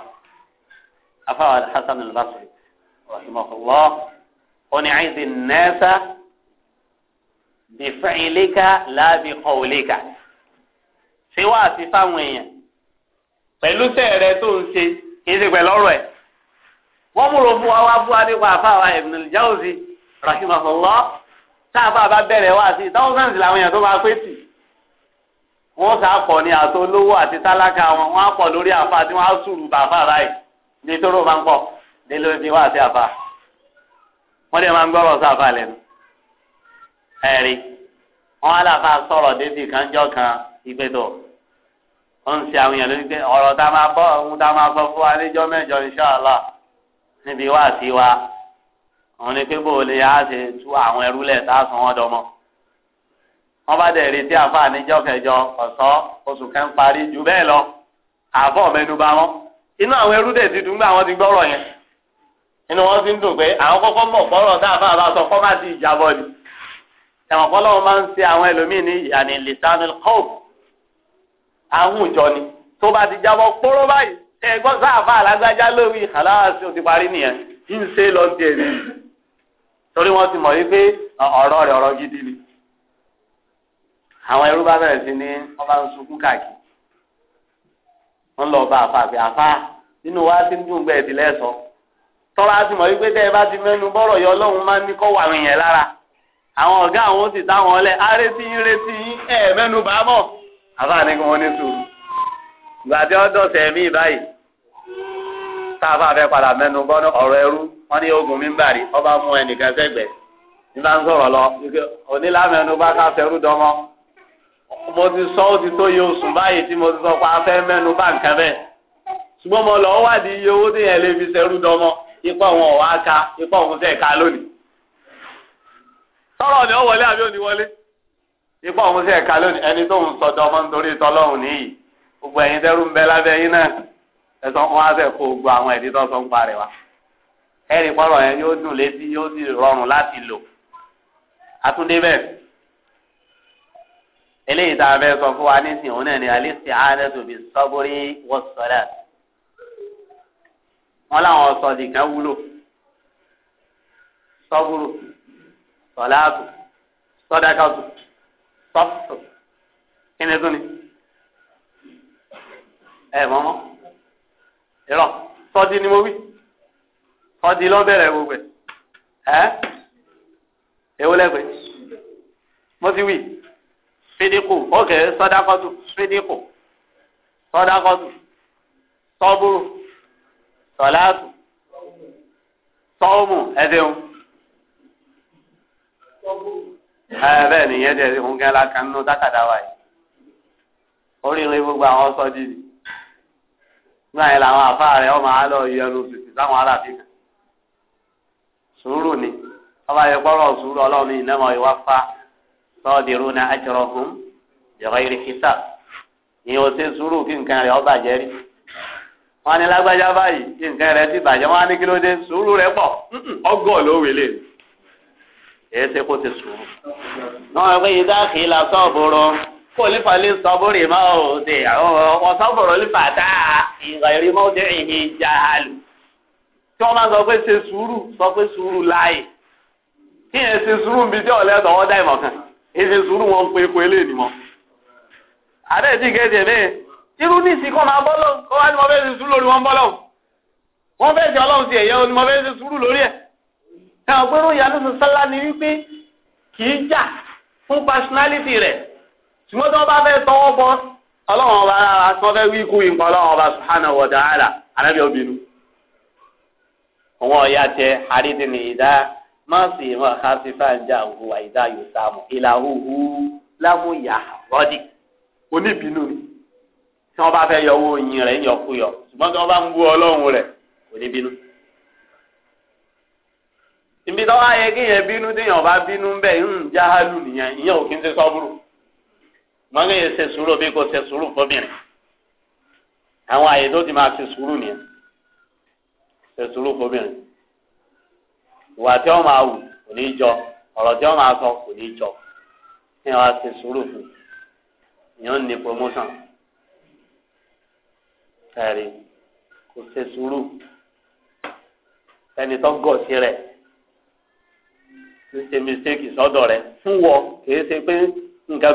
afáwà hasan al-basri rahimahullah oní àìsí nẹ́ẹ̀sà bìfẹ́ìlíkà láàbì kọ̀wìlíkà. ṣé wàá sí fáwọn èèyàn pẹ̀lú tẹ̀rẹ̀ tó ń ṣe kì í ṣe pẹ̀lú ọ̀rọ̀ ẹ̀. wọ́n múlò fún wa wá fún wa nípa afáwà ibn al-jawzi rahimahullah táàbà bá bẹ̀rẹ̀ wá sí thousands làwọn èèyàn tó máa pé tì wọ́n sá pọ̀ ní àtò olówó àti tálákà wọn wọ́n á pọ̀ lórí àfa tí wọ́n á sùrù bàbá báyìí ní tóró máa ń pọ̀ ní lórí fi wá àti àfa wọ́n dẹ̀ máa ń gbọ́rọ̀ sí àfa lẹ́nu ẹ̀rí wọ́n á làfa sọ̀rọ̀ débi kanjọ́ kan ìgbẹ́tọ̀ ó ń ṣe àwọn èèyàn lórí pé ọ̀rọ̀ tá a máa bọ́ ohun tá a máa bọ́ fún àwọn ní kébò lè á ṣe tú àwọn ẹrú lẹ̀ tá a sùn wọn dọmọ wọn bá dẹ̀ retí àfa níjọ́ kẹjọ ọ̀sọ́ oṣù kẹ́ jù bẹ́ẹ̀ lọ àbọ̀ mẹ́nuba wọn inú àwọn ẹrú dẹ̀ ti dùn gbà wọn ti gbọ́rọ̀ yẹn inú wọn ti ń dùn pé àwọn kọ́kọ́ mọ̀ gbọ́rọ̀ tá àfa àbá sọ kọ́ ti ìjàbọ̀ ni ẹ̀wọ̀n kọ́lọ́wọ́ máa ń ṣe àwọn ẹlòmíì ní yàní lisanul qawm àwùjọ ni tó bá ti jábọ̀ kpọ́rọ́ báyìí ẹ̀gbọ́n sáà fà alágbájá lórí ìhàlá àti òtí nìyẹn ń ṣe lọ́ọ́ tiẹ̀ nìyẹn torí wọ́n ti mọ̀ wípé ọ̀rọ̀ rẹ̀ ọ̀rọ̀ gidi ni àwọn ẹrú bá bẹ̀rẹ̀ sí ní wọ́n bá ń sunkún káàkiri wọ́n lọ bá àfa àfi àfa nínú wa ti ń dùn gbẹ ìdílé sọ tọ́lá ti mọ̀ wípé tẹ́ ẹ bá ti mẹ́nu bọ́rọ̀ yọ ọlọ́run máa ń ní kọ́ wà yẹn lára àwọn ọ̀gá àwọn sì táwọn lẹ̀ arétí ń retí ẹ̀ mẹ́nu bá àfa ní kí wọ́n ní sùúrù ìgbà tí wọ́n dọ̀sẹ̀ tá a bá fẹ́ padà mẹ́nu bọ́ ọ̀rọ̀ ẹrú wọn ní ogun mi ń bàrí ọba mú ẹnìkan sẹ́gbẹ̀ẹ́ nígbà ń sọ̀rọ̀ lọ onílàmẹ́nu bá ká fẹ́rú dọmọ mo ti sọ ó ti tó iye oṣù báyìí tí mo ti sọ pé a fẹ́ mẹ́nu bá nǹkan bẹ́ẹ̀ ṣùgbọ́n mo lọ wádìí iye owó tí yẹn lè fi fẹ́rú dọmọ ipò wọn ò wá ka ipò òun tẹ̀ ká lónìí sọ̀rọ̀ ni ó wọlé àbí òní wọlé ipò òun tẹ̀ ká lónìí ẹni tó ń sọdọ̀ ọmọ nítorí tọlọ́hùn níyì gbogbo ẹ̀yin tẹ́rù ń bẹ lábẹ́ yín náà ẹ̀sán wọn á fẹ́ kó gbogbo àwọn ẹ̀dí tó sọ ń parẹ́ wa ẹ̀rì pọ́nrọ̀ yẹn yóò dùn létí yóò sì rọrùn láti lò àtúndé bẹ́ẹ̀ eléyìí tá a fẹ́ sọ fún wa nísìnyí òun náà ni alẹ́sìn àádẹ́tò bíi sọ́bórí wọ́sọ̀rẹ́ wọn láwọn ọ̀sọ̀dì kan wúlò sọ́búrú sọ̀láàtù sọ́dákàtù sọ́fùtù kí ni tún ni ẹ̀ mọ́mọ́ irọ́ sọ́dí ni mo wí sọ́dí lọ́ bẹ̀rẹ̀ gbogbo ẹ̀ ẹ́ èwo lẹ́gbẹ̀ẹ́ mo ti wí fídíkù ókè sọ́dákọ́tù fídíkù sọ́dákọ́tù sọ́bùrù sọ̀láàtù sọ́ọ̀mù ẹ̀dẹ̀hùn ẹ bẹ́ẹ̀ nìyẹn tẹ̀ ẹ̀dẹ̀hùn gẹ́gẹ́ la kan nínú dákàdá wa yìí oríire gbogbo àwọn sọ́dí ni. gbọ́n yẹn làwọn àfáà rẹ̀ ọmọ àlọ́ ìyẹnu títí sáwọn aláàfin kan sùúrù ni ọba yẹn ni sùúrù ọlọ́run ìnáwó ìwà fa sọ́ọ̀dìrú na àjọrọ̀ fún ìrọ̀ ìrì na ìyẹn ò ṣe sùúrù kí nǹkan rẹ̀ ọba jẹ́ rí ní lágbájá báyìí kí nǹkan rẹ̀ ti bàjẹ́ wọn á ní kí ló dé sùúrù rẹ̀ pọ̀ ọgọ́ ló ṣe kó ti sùúrù. náà kó lífà lè sọ́bùrì máa ò dé àwọn sọ́bùrì lífà tá ìgbà ìrì máa ò dé ìhì ìjà àlù. tí wọ́n máa sọ pé ṣe sùúrù sọ pé sùúrù láàyè kí yẹn ṣe sùúrù bíi tí ọ̀lẹ́ tọ̀wọ́ dá ìmọ̀ kan èsì sùúrù wọn pé kó eléyìí ni mọ́. àbẹ́ ti gé jẹ̀ bẹ́ẹ̀ irú ní ìsìn kan máa bọ́lọ̀ kó wá ní mo fẹ́ ṣe sùúrù lórí wọn bọ́lọ̀ wọ́n fẹ́ ṣe ọlọ́run ni mo fẹ́ ṣe personality ṣùgbọ́n tí wọ́n bá fẹ́ tọwọ́ bọ́ ọlọ́run ọba ara tí wọ́n fẹ́ wí kú nǹkan ọlọ́run ọba subhanahu wa ta'ala arábíà obìnrin. òun ọ̀yà tẹ àrídì ní ìdá máa sì máa ká sí fáńjà òhùwà ìdá yóò sàmù ìlà òhù lámúyà rọ́dì oníbínú ni tí wọ́n bá fẹ́ yọ owó yin rẹ̀ yọkuyọ ṣùgbọ́n tí wọ́n bá ń bú ọlọ́run rẹ̀ oníbínú ibi tó wáyé kéèyàn bínú téèyàn bá bínú ń bẹ ń jáhálù nìyẹn ìyẹn ò kí ń ṣe sọ́búrú wọn lè ṣe sùúrù bí kò ṣe sùúrù fóbìnrin àwọn àyè tó ti máa ṣe sùúrù nìyẹn ṣe sùúrù fóbìnrin ìwà tí wọn máa wù kò ní jọ ọrọ tí wọn máa sọ kò jọ sùúrù fún ní promotion kò sùúrù ẹni tó sí ṣe mistake fún wọ kì í ṣe pé nǹkan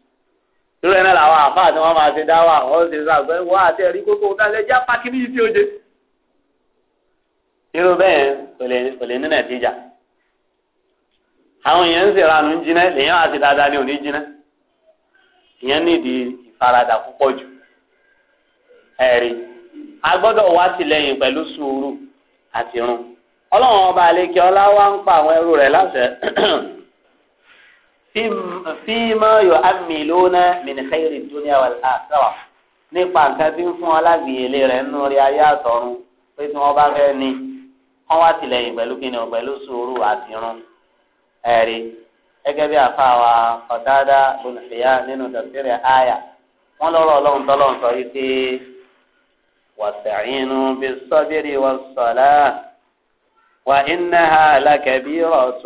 irú ẹ̀ náà làwọn àfáà tí wọ́n máa ṣe dá wà wọ́n ṣe sàgbẹ́ wọ́n àti ẹ̀rí kókó dálẹ́ já pákí ní ìfi oje. irú bẹ́ẹ̀ kò lè ní nàìjíríà àwọn èèyàn ń ṣe ranú jiná lèèyàn àti dáadáa ní jiná ìyẹn nídìí ìfaradà púpọ̀ jù ẹ̀rí wá tìlẹ́yìn pẹ̀lú ọba ọlá wa ń pa àwọn fíìmà yọ amílónà mìnìkẹ́rì dúnìá wà láàkàrà nípa nǹkan tí ń fún alágbèélé rẹ̀ nínú rí ayé àtọ̀run pé tí wọ́n bá fẹ́ ni wọ́n wá tìlẹ́yìn pẹ̀lú kíni o pẹ̀lú sùúrù àti irun ẹ̀rí gẹ́gẹ́ bí àfàwà ọ̀dáadá olùfẹ̀yà nínú tafsiri àyà wọ́n lọ́rọ̀ ọlọ́run tọ́lọ́run sọ wípé wasta'inu bis-sabri was-salah. وإنها لكبيرة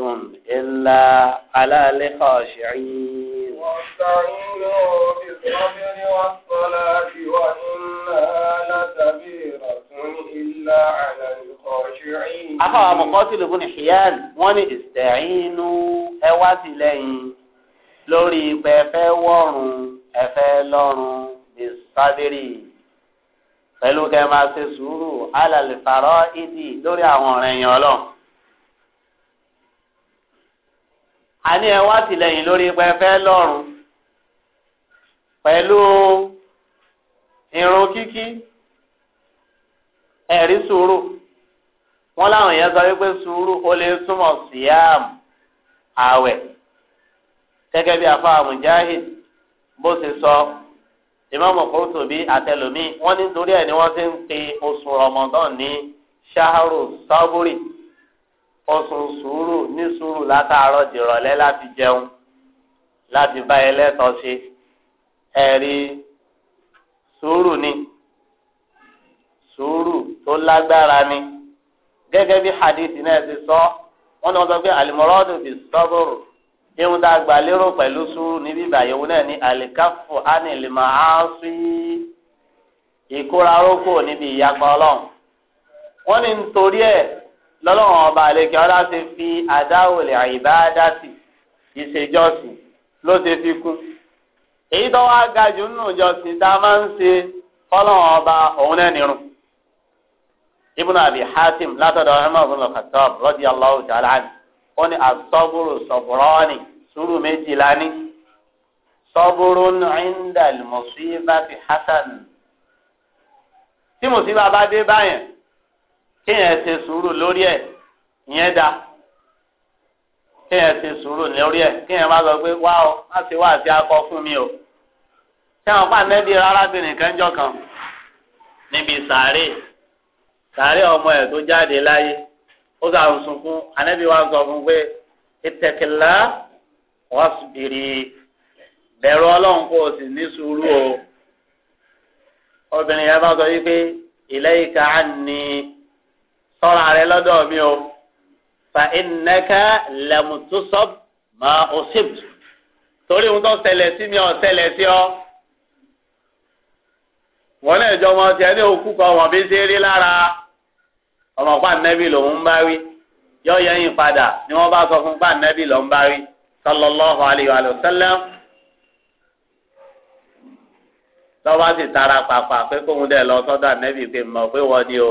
إلا على الخاشعين واستعينوا بالصبر والصلاة وإنها لكبيرة إلا على الخاشعين أخا مقاتل بن حيان وأن استعينوا أواتي لوري بفورن أفلورن بالصبر pẹ̀lú kẹ́ máa ṣe sùúrù alàlìfàrọ́ ìdì lórí àwọn ọ̀rẹ́ yẹn ọlọ́run. àní ẹ wá tìlẹ́yìn lórí pẹ́fẹ́ lọ́rùn pẹ̀lú irun kíkí ẹ̀rí sùúrù wọ́n láwọn èèyàn sọ wípé sùúrù ó lè túmọ̀ síyàm àwẹ̀ gẹ́gẹ́ bí afáàmù jáhìn bó ṣe sọ. So, ìmáàmù Qurtubi àtẹlómi wọ́n ní torí ẹ̀ ni wọ́n ti ń pe oṣù Ramadan ní ṣaharu sábúrì oṣù sùúrù ní sùúrù látàárọ̀ dìrọ̀lẹ́ láti jẹun láti bá ẹlẹ́tọ̀ ṣe ẹ̀rí sùúrù ni sùúrù tó lágbára ni gẹ́gẹ́ bí hadith náà ti sọ wọ́n ní wọ́n sọ pé alimọ́rọ́dù fi sọ́bùrù. ihun tá a gbà lérò pẹ̀lú sùúrù níbí ìbàyẹ̀wò náà ní àlìkáfù ánìlìmọ̀ áásí ìkórarókò níbi ìyapa ọlọ́run wọ́n ní nítorí ẹ̀ lọ́lọ́run ọba àlekè ọlá ti fi àdáwòlè ise ìṣèjọsìn ló ti fi kú. èyí tó wá ga jù nínú ìjọsìn tá a máa ń ṣe fọ́lọ́run ọba òun náà nírun ibùdó àbí látọ̀dọ̀ ọ̀gbìn rọ́dí wọ́n ní asọ́bùrù sọ̀bùrọ́ọ̀nì sùúrù méjìlá ní sọ́bùrù ndàlì mùsíbà fi hasan. tí mùsíbà bá dé báyẹn kéèyàn ṣe sùúrù lórí ẹ̀ ìyẹn dáa kéèyàn ṣe sùúrù lórí ẹ kéèyàn má sọ pé wá o má ṣe wá àti akọ fún mi o sẹ́wọ̀n pa nẹ́bí arábìnrin kan kan níbi sàárè sàárè ọmọ ẹ̀ tó jáde láyé ó sọ àrùsùn fún anábì wa sọ fún pé ìtẹ̀kìlá wọ́n bèrè bẹ̀rù ọlọ́run kó o sì ní sùúrù o obìnrin yẹn bá sọ yí pé ilayka anni sọ́ra rẹ lọ́dọ̀ mi o fa innaka lam tusab ma usibt torí ohun tó ṣẹlẹ̀ sí mi ò ṣẹlẹ̀ sí ọ wọ́n náà jọ ọmọ ní òkú kan wọ́n fi ṣe rí lára ọmọ pa nẹ́bí lòun ń bá wí yọ yẹyìn padà ni wọ́n bá sọ fún pa nẹ́bí lòun bá wí sallallahu alayhi wa sallam lọ́wọ́ sì tara pàpà pé kóun dẹ̀ lọ sọ́dọ̀ ànẹ́bí pé mọ̀ pé wọ́n ni o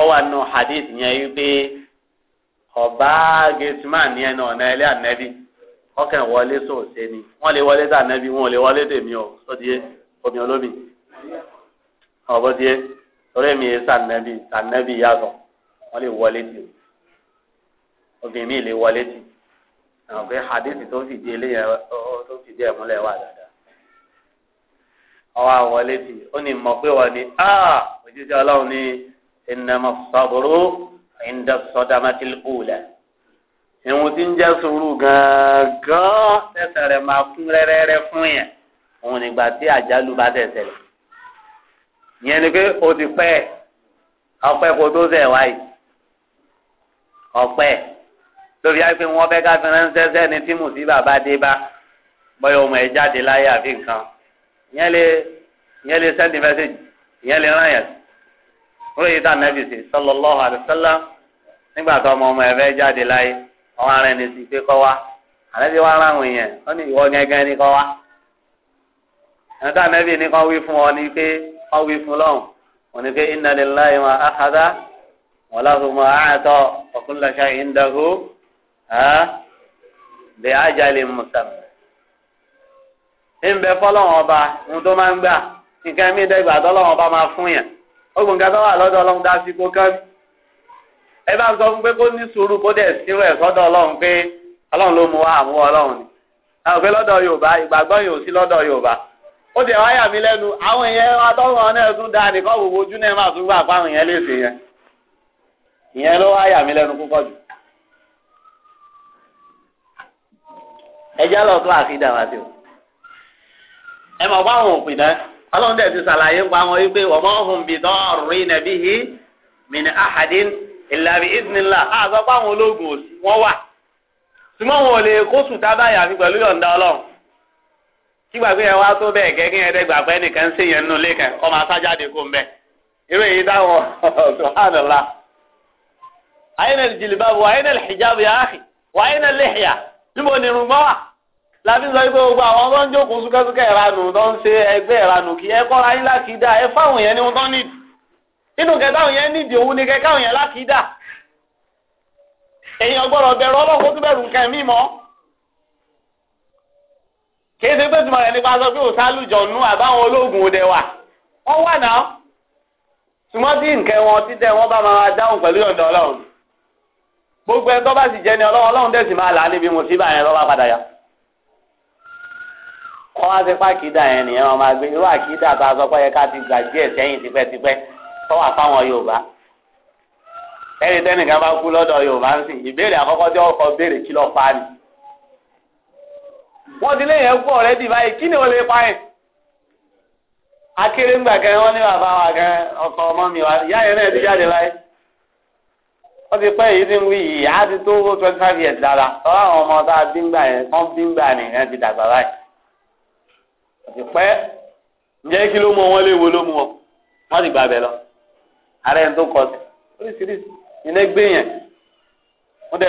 ọ wà nù hadith yẹn yí pé ọba gateman ní ẹnu ọ̀nà ilé ànẹ́bí ọkàn wọlé sòṣe ni wọ́n lè wọlé sí ànẹ́bí wọn lè wọlé tèmi o sódìé omi olómi ọ̀bọ̀dìé torí mi yé sànẹ́bì sànẹ́bì yàtọ̀ wọ́n lè wọlé tì obìnrin mi lè wọlé tì àwọn pé hadith tó fìdí eléyà tó fìdí ẹ̀ múlẹ̀ wà dáadáa ọwọ́ àwọlé tì ó ní mọ̀ pé wọ́n ní áà ah, òjijì ọlọ́run ní ìnàmọ̀ sọ̀bùrú ìndà sọ̀dàmátìl kùlẹ̀ ìwọ̀n tí ń jẹ́ sùúrù gángan tẹ̀sẹ̀ máa kún rẹ́rẹ́rẹ́ fún yẹn òun nígbà tí àjálù bá tẹ̀sẹ̀ ìyẹn ni pé o ti pẹ́ ọpẹ́ kò tó sẹ̀ wáyé ọpẹ́ lórí ayé pé wọ́n fẹ́ ká fi ránṣẹ́ sẹ́ni tí mùsíbà bá dé bá bọ́yọ̀ ọmọ ẹ̀ jáde láyé àfi nǹkan ìyẹn lè ìyẹn lè sẹ́ndì mẹ́sẹ̀gì ìyẹn lè rán yẹn lórí yìí tá nàbì sí sallallahu alaihi wasallam nígbà tó ọmọ ọmọ ẹ̀ fẹ́ jáde láyé ọmọ ara ẹni sì pé kọ́ wá àlẹ́bí wá ráhùn yẹn wọ́n ní ìwọ gẹ́gẹ́ ní kọ́ wá ẹ̀ńtà nàbì ní kọ́ wí fún ọ ní pé ọwí fún lọ́hùn òní pé inna lillahi ma akhadha wa lahu ma a'ta wa kullu shay'in indahu bi ajalin musamma ńbẹ fọlọ́wọ́n ọba ohun tó máa ń gbà nǹkan mí dẹ́gbà tọ́lọ́wọ́n ọba máa fún yàn ogun nǹkan tó wà lọ́dọ̀ ọlọ́run dá sí kó kán ẹ bá sọ fún pé kó ní sùúrù kó dẹ̀ sírò ẹ̀ sọ́dọ̀ ọlọ́run pé ọlọ́run ló mú wa àmú ọlọ́run ni àwọn pé lọ́dọ̀ yorùbá ìgbàgbọ́ yóò sí lọ́dọ̀ yorùbá ó dẹ̀ wáyà mí lẹ́nu àwọn èèyàn atọ́wọ́n náà tún dáa nìkan òwò ojú náà máa tún gbà pa àwọn èèyàn lè ìyẹn ló wáyà lẹ́nu púpọ̀ jù. ẹjẹ́ lọ tún àfidà wá sí o ẹ mọ̀ pé àwọn òpin náà ọlọ́run dẹ̀ ti ṣàlàyé pa wọn wípé ọmọ ọ̀hún bíi dọ́ọ̀rì nàbí hi mìíní àhàdín ìlàbí ìdínlá àgbà àwọn ológun òsì wọn wà ṣùgbọ́n wọn ò lè tábàyà mi pẹ̀lú yọ̀ǹda tí gbàgbé yẹn wá tó bẹ́ẹ̀ gẹ́gẹ́ yẹn dẹ́gbà pé ẹnìkan ń sèyàn nínú ilé kan ọmọ asájáde kó ń bẹ̀ irú èyí dáwọ̀ subhanallah ayé náà jìlìbáàbù ayé náà hijab yà áhì wà ayé náà lihya níbo ni irun gbọ́ wà láti sọ pé gbogbo àwọn tó ń jókòó súkẹ́súkẹ́ ìranù tó ń ṣe ẹgbẹ́ ìranù kí ẹ kọ́ra yín láti dá ẹ fáwọn yẹn ní wọn tó nídìí inú kẹta kì í ṣe pé tìmọ̀ rẹ̀ nípa sọ pé òsálùjọ nú àbáwọn ológun òde wà wọ́n wà náà ṣùgbọ́n tí nǹkẹ́ wọn ti dẹ́ wọ́n bá máa dáhùn pẹ̀lú ọ̀dọ̀ ọlọ́run gbogbo ẹ̀ tó bá sì jẹ́ ni ọlọ́run ọlọ́run tẹ̀sí máa là á níbi mùsíbà yẹn lọ́wọ́ padà yá kọ́ wá sí pàkídà yẹn nìyẹn wọn máa gbé irú àkídà tá a sọ pé yẹ ká ti gbà díẹ̀ sẹ́yìn tipẹ́tipẹ́ tọ́wà fáwọn yorùbá ẹni tẹ́nìkan bá kú lọ́dọ̀ yorùbá ń sìn ìbéèrè àkọ́kọ́ tí wọ́n kọ béèrè kí lọ́ọ́ pa ni wọ́n ti léyìn ẹ̀kú ọ̀rẹ́ dì báyìí kí ni o lè pa ẹ̀. akéré gbà kan wọ́n ní bàbá wa ọkọ ọmọ mi wa ìyá yẹn náà ti jáde láyé. wọ́n ti pẹ́ èyí ń wí yìí á ti tó owó twenty five years dára lọ́wọ́ àwọn ọmọ tá a bí yẹn bí nìyẹn ti dàgbà báyìí. wọ́n ti pẹ́ ǹjẹ́ kí ló mú wọn ló mú wọn wọ́n ti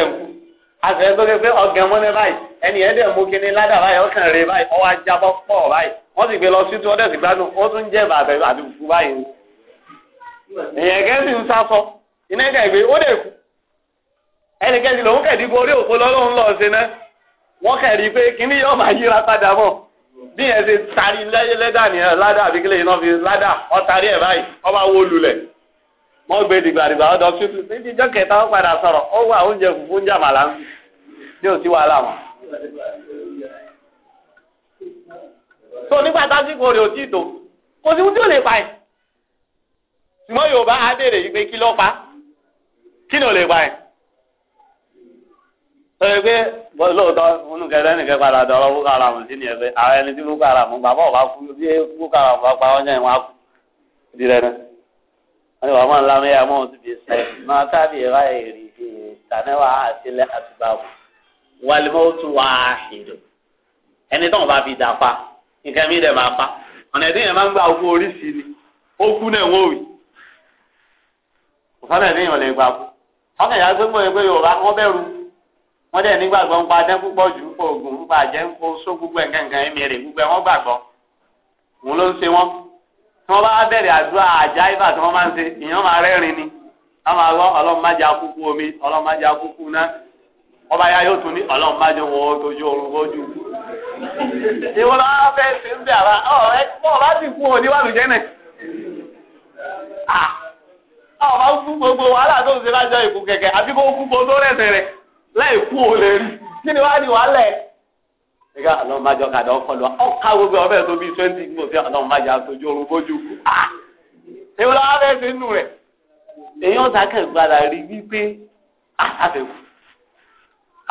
àfẹ́ tó ké pé ọ̀gẹ̀ mọ́ ní báyìí ẹni ẹ̀ dẹ̀ mú kíní ládàá báyìí ọkàn rè báyìí ọwọ́ ajá bọ́ pọ̀ báyìí wọ́n sì gbé lọ sí tí wọ́n gbádùn ó tún jẹ́ bàbẹ̀ àti báyìí. èèyàn kẹ́sì ń iná ẹ̀ka ìgbé ó kú kẹ́sì lòun orí òkú lọ́lọ́run lọ sí wọ́n kẹ̀rí pé kíní yóò máa yíra padà bí ṣe tari lẹ́dà ládà àbí kílẹ̀ iná fi ládà ọ tari ẹ̀ ọ bá wó lulẹ̀ mọ́ gbé tí ò sí wàhálà wọn. tó nígbà tásìkò rẹ̀ ò tí ì kò sí tí ò pa ẹ̀. ṣùgbọ́n Yorùbá á béèrè yìí pé kí ló pa kí ni ò lè pa ẹ̀. sọ̀rọ̀ pé lóòótọ́ onúkẹ́rẹ́ nìkẹ́ padà dọ̀rọ̀ Boko Haram sí ni ẹ pé àwọn ẹni tí Boko Haram ń pa bọ́ọ̀ bá kú bí Boko Haram bá pa ọjà ìwọ̀n á kú dirẹ náà wọ́n wà máa ń lámẹ́yà mọ́ ọ̀tún bíi sẹ́yìn máa tábìlì ráyè rí tànẹ́wà àti walimọ́tò wàhídò ẹni tó ń bá fi dà pa nǹkan mi dẹ̀ máa pa ọ̀nà ẹ̀dín yẹn máa ń gba owó orisi ni ó kú náà wọ́n wì òfin ẹ̀dín yẹn lè gba kú wọ́n kẹ̀yà pé pé yorùbá wọ́n bẹ̀rù wọ́n dẹ̀ nígbàgbọ́ ń pa adẹ́ púpọ̀ jù ń pa ògùn ń pa àjẹ́ ń pa oṣó gbogbo ẹ̀mí rẹ̀ gbogbo gbàgbọ́ òun ló ń wọ́n tí wọ́n bá bẹ̀rẹ̀ àdúrà àjá ibà tí wọ́n máa ń ìyẹn máa rẹ́rìn ọba ya yóò tún ní ọlọ́run bá jẹ wọ́n tójú oorun kójú. ìwọ lọ fẹ́ ṣe ń bẹ àbá ẹ pọ̀ bá sì kú òní wà lùjẹ́ nẹ̀. ọ kú gbogbo wàhálà tó ń ṣe lájọ ìkú kẹ̀kẹ́ àbí kó kú gbogbo rẹ̀sẹ̀ rẹ̀ láì kú ò lè rí kí ni wàá ní wàhálà ẹ̀. ọlọ́run bá jọ kàdé ọkọ lọ ọkà gbogbo ọbẹ̀ tó bíi twenty kí mo fi ọlọ́run bá jẹ àtòjú oorun kójú. ìwọ lọ fẹ́ ṣe nù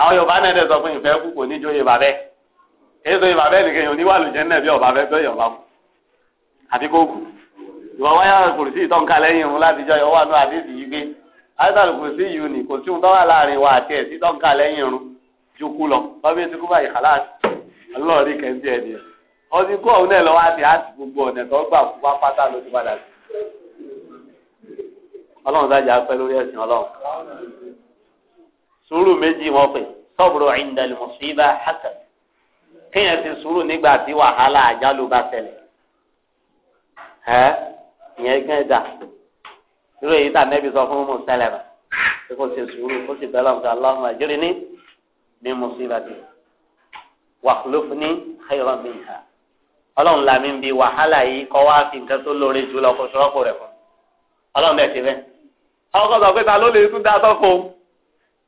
àwọn yorùbá náà dẹ̀ sọ fún ìfẹ́ kú kò ní jóye bàbẹ́ èyí sọ ìbàbẹ́ nìkan yòó níwà lùjẹ́ náà bí ọ̀bà bẹ́ẹ̀ bẹ́ẹ̀ ọ̀bà mu àti kó kù ìwọ wáyà kùrùsí ìtọ́nká lẹ́yìn òun láti jọ ìwọ́wà náà àdéhùn yìí gbé àìsàn kùrùsí yìí ni kò sí ohun tó wà láàrin wa àti ẹ̀sìn ìtọ́nká lẹ́yìn òun ju kú lọ bábí ti kú báyìí kàláàsì ọlọ́ọ̀rí kẹ́ńtì ẹ̀ nìyẹn ọtí kú ọ̀hún náà lọ́wọ́ àti àti gbogbo ọ̀nà tó gbà fún wa pátá ló padà sí ọlọ́run sájà pẹ́ lórí ẹ̀sìn ọlọ́run sùúrù méjì wọ́n pè sọ́bùrù ìndàlì mùsùlùmí hasan kéèyàn ti sùúrù nígbà tí wàhálà àjálù bá ṣẹlẹ̀ ẹ́ ìyẹn gán dà irú èyí tà nẹ́bí sọ fún mùsùlùmí pé kò ṣe sùúrù kó sì bẹ́lá nǹkan aláwọ̀ àjẹrí ní ní mùsùlùmí ti wàhálùfúnni khayran minha ọlọ́run làmì ń bi wàhálà yìí kọ́ wá fi nǹkan tó lóore jù lọ kó rẹ̀ fún ọlọ́run bẹ̀ ti bẹ́ẹ̀ ọkọ̀ sọ pé ta ló lè tún dá sọ́kù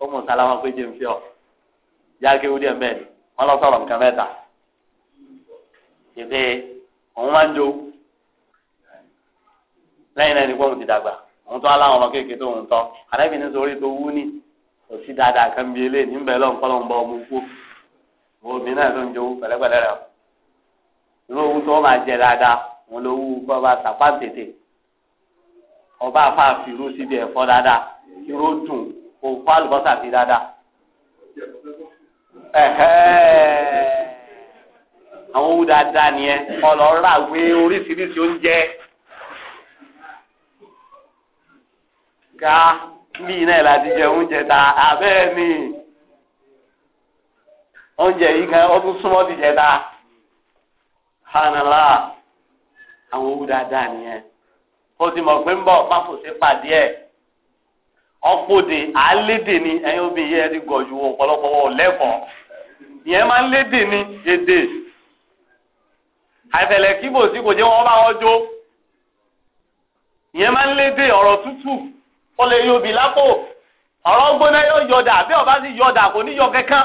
ó mú sálámà pé jẹun fi ọ yáàgé wúdí ẹ mẹ́rin wọn lọ sọ̀rọ̀ nǹkan mẹ́ta ìpè òun máa ń jó lẹ́yìn náà ni pé òun ti dàgbà òun tó aláwọn ọmọ kéèké tó ń tọ àrẹ́bí ní sórí tó wú ní kò sí dáadáa kan bí eléyìí níbẹ̀ lọ́n kọ́ lọ́n bọ́ ọmọ kú omi náà ló ń jó pẹ̀lẹ́pẹ̀lẹ́ rẹ̀ irú owó tó máa jẹ dáadáa òun ló wú kọ́ bá sàpá tètè ọba àfa fìrú síbi ẹ̀fọ́ dáadáa irú dùn kò fọ àlùbọ́sà sí dáadáa. àwọn owó dáadáa ẹ ọlọ rà wé oríṣiríṣi oúnjẹ. ká mí náà láti jẹ oúnjẹ ta abẹ́ẹ̀ ni oúnjẹ yìí kan ọdún súnmọ́ ti jẹ ta hanala àwọn owó dáadáa ẹ ó ti mọ̀ pé ń bọ̀ pàdé ẹ̀. ọ̀pọ̀dé alede ni ẹ̀yin obì yẹ ẹni gọ̀jù ọ̀pọ̀lọpọ̀ ọ̀lẹ́kọ̀ọ́ ìyẹn máa ń lédè ni ede àtẹ̀lẹ̀ kíbò sí kò jẹ́ wọn bá wọn jó ìyẹn máa ń lédè ọ̀rọ̀ tútù ó lè lápò yóò ọba sì yọdà kò ní yọ kẹkẹ.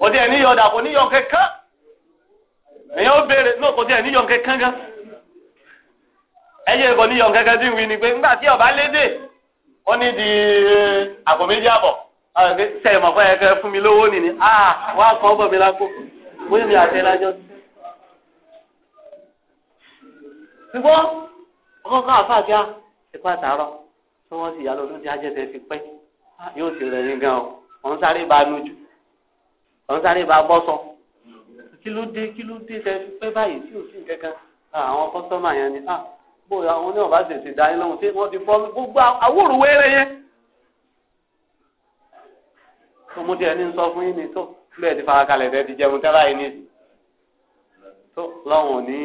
kò ní yọdà kò ní yọ náà kò ní yọ ẹyẹ kò níyàn kẹkẹ tí wí ni pé nígbà tí ọba lédè ó ní di eh, àpò méjì àbọ̀ sẹ́yìn mọ̀ fún ẹ kẹ fún mi lówó nìní ah wà á kọ́ bọ̀ mi lápò bóyá mi àti ẹ lájọ́. ṣùgbọ́n ọkọ̀ kan àfa àti a ti pa àtàrọ̀ tí wọ́n sì yà lọ́dún tí ajẹ́tẹ̀ ti pẹ́ yóò ti rẹ̀ ní gan o wọ́n sáré ba nujú wọ́n sáré ba bọ́sọ kí ló dé kí ló dé tẹ fi pẹ́ báyìí tí ò sí nǹkan kan àwọn kọ́sọ́mà yẹn ni ah bóyá àwọn oníwọ̀n bá tètè dání lóhùn tí wọ́n ti fọ́ gbogbo àwòrò wẹ́rẹ́ yẹn. tó mo tiẹ̀ ní sọ fún yín ni tó bẹ́ẹ̀ ti fara kalẹ̀ tẹ́ ti jẹun tẹ́ báyìí nìyí. tó lọ́wọ́n ò ní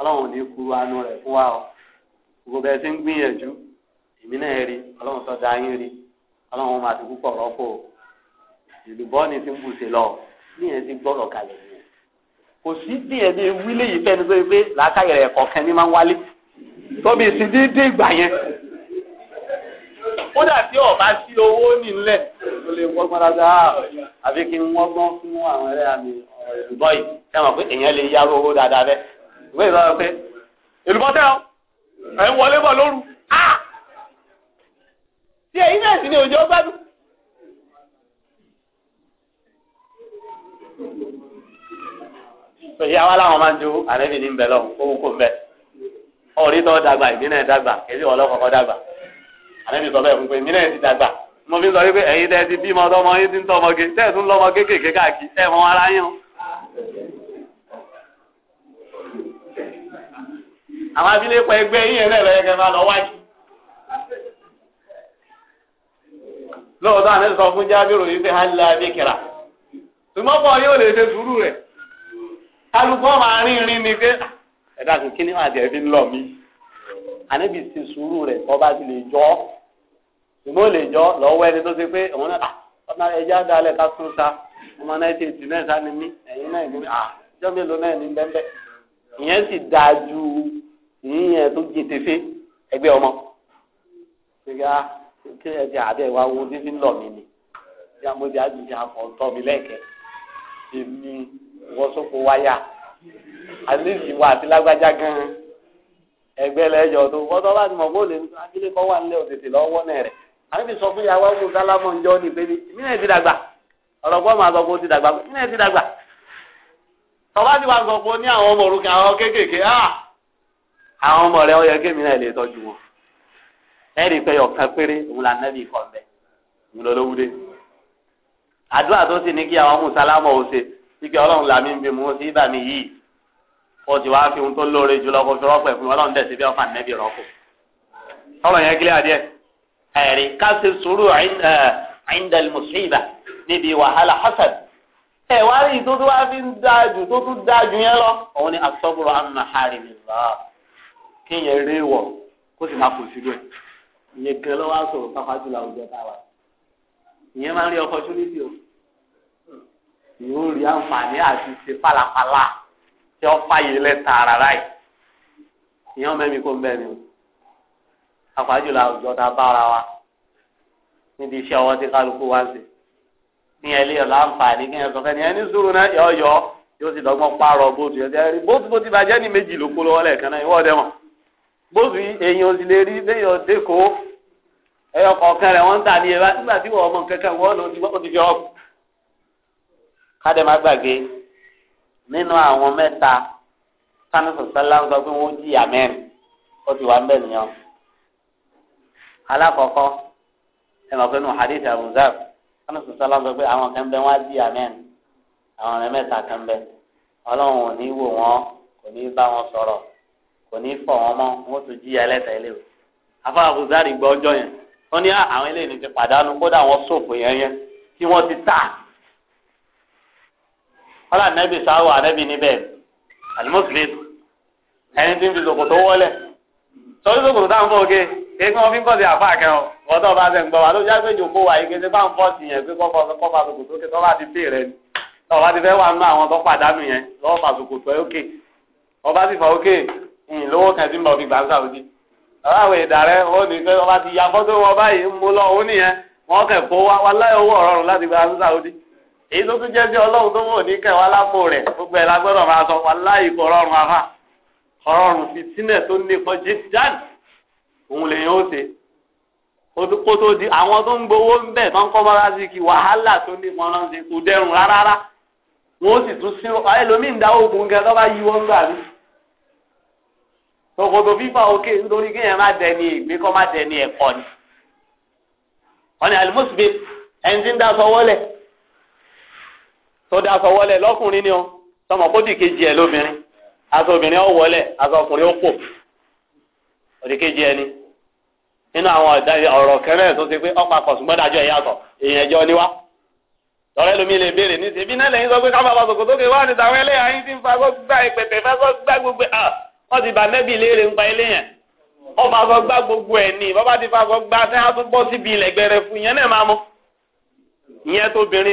ọlọ́wọ́n ò ní kuru anu rẹ̀ fún wa o gbogbo bẹ́ẹ̀ ti ń gbìyànjú èmi náà rí ọlọ́wọ́n tó da yín rí ọlọ́wọ́n máa ti púpọ̀ rọ́pò ìlú bọ́ọ̀nì ti ń bùsè lọ níyẹn ti gbọ́rọ̀ kalẹ̀ yẹn kò sí díẹ̀ bíi wílé yìí fẹ́ni tó yẹ pé làákàyè rẹ̀ kọ̀ọ̀kan ní máa ń wálé tóbi sí dídí ìgbà yẹn. kódà tí ọba sí owó nílẹ̀ ló lè wọ́gbọ́n lágbá àbí kí n wọ́gbọ́n fún àwọn ẹ̀rẹ́ mi ìbọn yìí sẹ́wọ̀n pé èèyàn lè yára owó dáadáa bẹ́ẹ̀ ìwé ìbára pé ìlúbọ́tẹ́ ọ ẹ̀ ń wọlé bọ̀ lóru tí èyí náà sì ni òjò gbádùn. sọ̀yà wa làwọn máa ń ju àrẹ́bìnrin bẹ̀ lọ kó kó bẹ́ẹ̀. ọ̀rí tó dàgbà èmi náà dàgbà èmi wọ́n lọ́kọ̀ọ́kọ́ dàgbà àlẹ́mi sọ bẹ́ẹ̀ fún pé èmi náà ti dàgbà mo fi sọ wípé ẹ̀yin tẹ́ ti bímọ tọmọ yín ti ń tọmọge tẹ́ ẹ̀ tún lọ́mọ kéékèèké káàkiri ẹ̀ mọ ara yín o. àwọn abilékọ ẹgbẹ́ yín yẹn lẹ́rọ ẹgbẹ́ máa lọ wájú. lóòótọ́ àná sọ fún jábìrò yìí pé abékèrà ṣùgbọ́n pọ̀ yóò ẹ dákun kí ni wọn àti ẹbí ń lọ mí ànábì ti sùúrù rẹ kọ bá ti lè jọ ọ ṣùgbọ́n ó lè jọ lọ́wọ́ ẹni tó ṣe pé òun náà ọ̀nà ẹja dalẹ̀ ká tún sa ọmọ náà ti ètì náà sá ni mí ẹ̀yin náà ni à ìjọ mélòó náà ni bẹ́ẹ̀ bẹ́ẹ̀ ìyẹn sì dáa ju ìyẹn tó jìn tẹ́fẹ́ ẹgbẹ́ ọmọ ṣìgá kí ẹ ti àbẹ̀ wá wo tí fi ń lọ mí ni bí amóbi àjùjì àfọ̀ntọ́ mi lẹ́ẹ̀kẹ́ èmi wọ́sọ́kọ̀ wáyà. àti wa àti lágbájá gan ẹgbẹ́ lẹ́jọ́ tó wọ́tọ́ bá ti mọ̀ pé ó lè akílé kọ́ wà nílẹ̀ òtètè lọ́wọ́ náà rẹ̀ àbíbi sọ fún yàrá wọn ń jọ ní ti dàgbà máa sọ ti dàgbà ti dàgbà tọ́ba ti wá sọ ní àwọn ọmọ òrukàn àwọn kéékèèké àwọn ọmọ kémi náà lè tọ́jú wọn pé ọ̀kan péré òun ike ọlọ́run làmì ń bi mú sí ibà mi yìí o ti wá fi ohun tó lóore jùlọ kó fi rọ́pò ẹ̀fún ọlọ́run dẹ̀ sí bí ọ̀fà nẹ́bí rọ́pò. ọ̀rọ̀ yẹn kílẹ̀ adìẹ ẹ̀rí ká ṣe sùúrù àìndẹ̀lì mùsùlùmí níbi wàhálà hasan. ẹ wá rí tó tó wá fi ń dájú tó tún dájú yẹn lọ òun ni asọ́bùrù àmà hàrì mi lọ kí yẹn rí wọ kó sì má kù sí ìyẹn kẹlẹ́ wá sọ̀rọ̀ pápá jùlọ àwùjọ táwa ìyẹn máa ń rí ọkọ̀ yóò rí àǹfààní àti ṣe pálapàla tí ó fàyè lẹ́ta ara ráì ìyẹn mẹ́mi kó bẹ́ẹ̀ ni o àpájùlọ àwùjọ ta bára wa níbi iṣẹ́ ọwọ́ tí kálukú wá sí ní ẹlẹ́ ọ̀la àǹfààní kí ẹ sọ fẹ́ni ẹni sùúrù náà yọ yọ yóò sì dọ́gbọ́n pààrọ̀ bóòtù yẹn tẹ́lẹ̀ bóòtù bó ti bàjẹ́ ní méjì ló kó lọ́wọ́ lẹ́ẹ̀kan náà ìwọ́de wọn bóòtù èèyàn sì lè rí léèyàn dẹ́kọ̀ọ́ ẹyọ kọ̀ọ̀kan rẹ̀ wọ́n ń tà ní ẹ nígbà tí wọ́n ọmọ kẹ́kẹ́ wọ́n ló ti fi ọ́ kádẹ má gbàgbé nínú àwọn mẹ́ta sanni sọsọlá ń sọ pé wọn ó jìyà mẹ́rin ó ti wà ń bẹ nìyẹn alákọ̀ọ́kọ́ ẹ mọ̀ pé nù hadith abuzar sanni sọsọlá ń sọ pé àwọn kan bẹ wọn á jìyà mẹ́rin àwọn ọ̀rẹ́ mẹ́ta kan bẹ ọlọ́run ò ní wò wọn kò ní bá wọn sọ̀rọ̀ kò ní fọ̀ wọn mọ́ wọn tún jìyà ẹlẹ́tẹ̀ẹ́ lé afọ abuzar gbọ́ ọjọ́ yẹn wọ́n ní ah, àwọn eléyìí ti pàdánù kódà wọ́n ṣòfò yẹn yẹn tí wọ́n ti tà á ọlá nẹ́bí sáwọ́ ànẹ́bí níbẹ̀ alimuslim ẹni tí ń fi ṣòkòtò wọlé sọrí ṣòkòtò táwọn fọ òkè kí wọ́n fi ń kọ́sí àfa àkẹ́rọ ọ̀dọ́ bá ṣe ń gbọ́ wa ló já pé jòkó wa yìí kéde báwọn fọ́ sí yẹn pé kọ́kọ́ kọ́fà ṣòkòtò kí tọ́ba ti pè rẹ ni tọ́ba ti fẹ́ wà nínú àwọn tó pàdánù yẹn lọ́wọ́ fà ṣòkòtò ẹ òkè ọba sì fà òkè ìyìn lówó kan sí mọ̀ fi gbà ń sàwọ́dí ọba àwọn ìdá rẹ ó ni. pé ọba ti ya fọ́tò wọn báyìí ń mú lọ òun nìyẹn wọ́n kẹ̀ fowó wa láyọ̀ owó ọ̀rọ̀rùn láti gbà ń sàwọ́dí èyí tó tún jẹ́ sí ọlọ́run tó wò ní kẹwàá lápò rẹ̀ gbogbo ẹ̀ lágbọ́dọ̀ máa sọ wàláhì kò rọrùn afá ọrọrùn fitinẹ tó nípa jíjàn òun lèyìn ó ṣe kó tó di àwọn tó ń gbowó ń bẹ̀ tó ń kọ́ bára sí kí wàhálà tó nípa náà ṣe kò dẹrùn rárá wọn ó sì tún sí ẹlòmíín dá oògùn gan tó bá yí wọn gbà mí tòkòtò fífa òkè nítorí kéèyàn má dẹni ìgbé kọ́ má dẹni ẹ̀kọ́ ni ọ̀nà àlùmọ́sibẹ́ ẹni tí ń dá sọ wọ́lẹ̀. tó dá lọ́kùnrin ni o tọmọ kó dìkejì ẹ lóbìnrin aṣọ obìnrin ó wọlé aṣọ ọkùnrin ó pò òdìkejì ẹ ni nínú àwọn ọ̀rọ̀ kẹrẹ́ tó ti pé ọ̀pá kọ̀sùngbọ́n dájọ́ ẹ̀yà sọ èèyàn ẹjọ́ níwá lọ́rẹ́ lómi lè béèrè ní ìsèbí náà lẹ́yìn sọ pé káfà fàṣọkò tókè wá ní tàwọn ẹlẹ́yà ti ń fa gbá ìpẹ̀tẹ̀ fẹ́sọ́ gbá gbogbo wọ́n ti bà nẹ́bí léèrè ń pa wọ́n gbogbo ẹ̀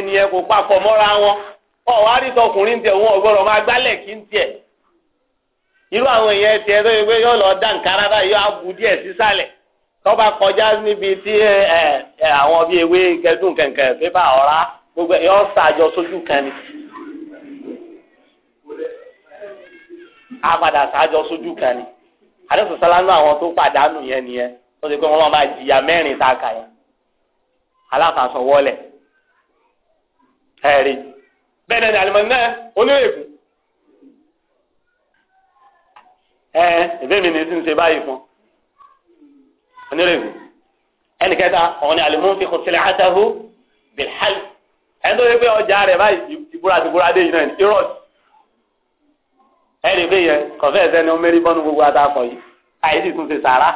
ní fa ọ wá rí tọkùnrin tiẹ̀ òun ọ̀gbọ́dọ̀ máa gbálẹ̀ kí n tiẹ̀ irú àwọn èèyàn tiẹ̀ tó yẹ pé yóò lọ dá nkárá báyìí yóò abu díẹ̀ sísàlẹ̀ tó kọjá níbi tí ẹ àwọn bíi ewé gẹdùn kẹ̀kẹ́ pépà ọ̀rá gbogbo yóò sàjọ sójú kan ni a padà sàjọ sójú kan ni àdéhùn sálánú àwọn tó pàdánù yẹn nìyẹn tó ti pé máa jìyà mẹ́rin tá a kà yẹn ẹ̀rí. bẹ́ẹ̀ náà ni àlùmọ́nì náà onírèkù ẹ ẹ̀fẹ́ mi ní ti ń ṣe báyìí fún onírèkù ẹnì kẹta ọ̀hún ni àlùmọ́ fi kùtìlẹ̀ àtàhù bilhal ẹni tó yẹ pé ọjà rẹ̀ báyìí ìbúra ti búra dé yìí náà ní irọ́ọ̀tì ẹni pé yẹn kọ̀fẹ́ ẹ̀sẹ̀ ni ó mérí bọ́nu gbogbo àtàkọ̀ yìí àyè sì tún ṣe sàrà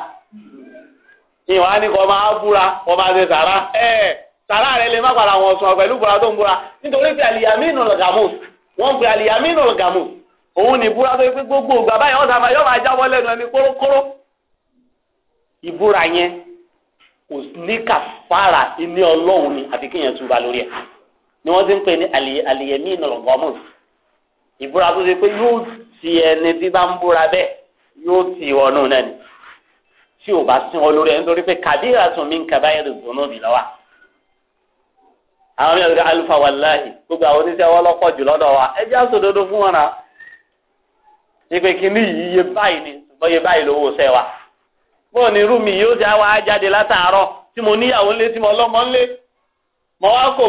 ìwọ̀n á ní kọ́ máa búra kọ́ máa ṣe sàrà ẹ̀ẹ́ sàrà rẹ lè má padà wọn sùn pẹ̀lú búra tó ń búra nítorí pé àlìyàmínú gàmù wọn pe àlìyàmínú gàmù òun ní búra tó pé gbogbo ògbà báyìí wọn sábà yóò máa jábọ́ lẹ́nu ẹni kórókóró ìbúra yẹn kò ní kàfàrà ní ọlọ́run ni àfi kéèyàn túba lórí ẹ̀ ni wọ́n ti ń pè ní àlìyàmínú gàmù ìbúra tó ṣe pe yóò ti ẹni tí bá ń búra bẹ́ẹ̀ yóò ti ọ̀nù náà ni tí ò bá sin ọ lórí ẹ̀ àwọn mìíràn kan alifa wàláhì gbogbo àwọn oníṣẹ́ wọn lọ́pọ̀ jù lọ́dọ̀ wa ẹ jẹ́ àsòdodo fún wọn náà ìpè kínní yìí iye báyìí ni iye báyìí lówó sẹ́ wa yóò já wa jáde látàárọ̀ tí mo níyàwó ńlé tí mo lọ́mọ mo wá kó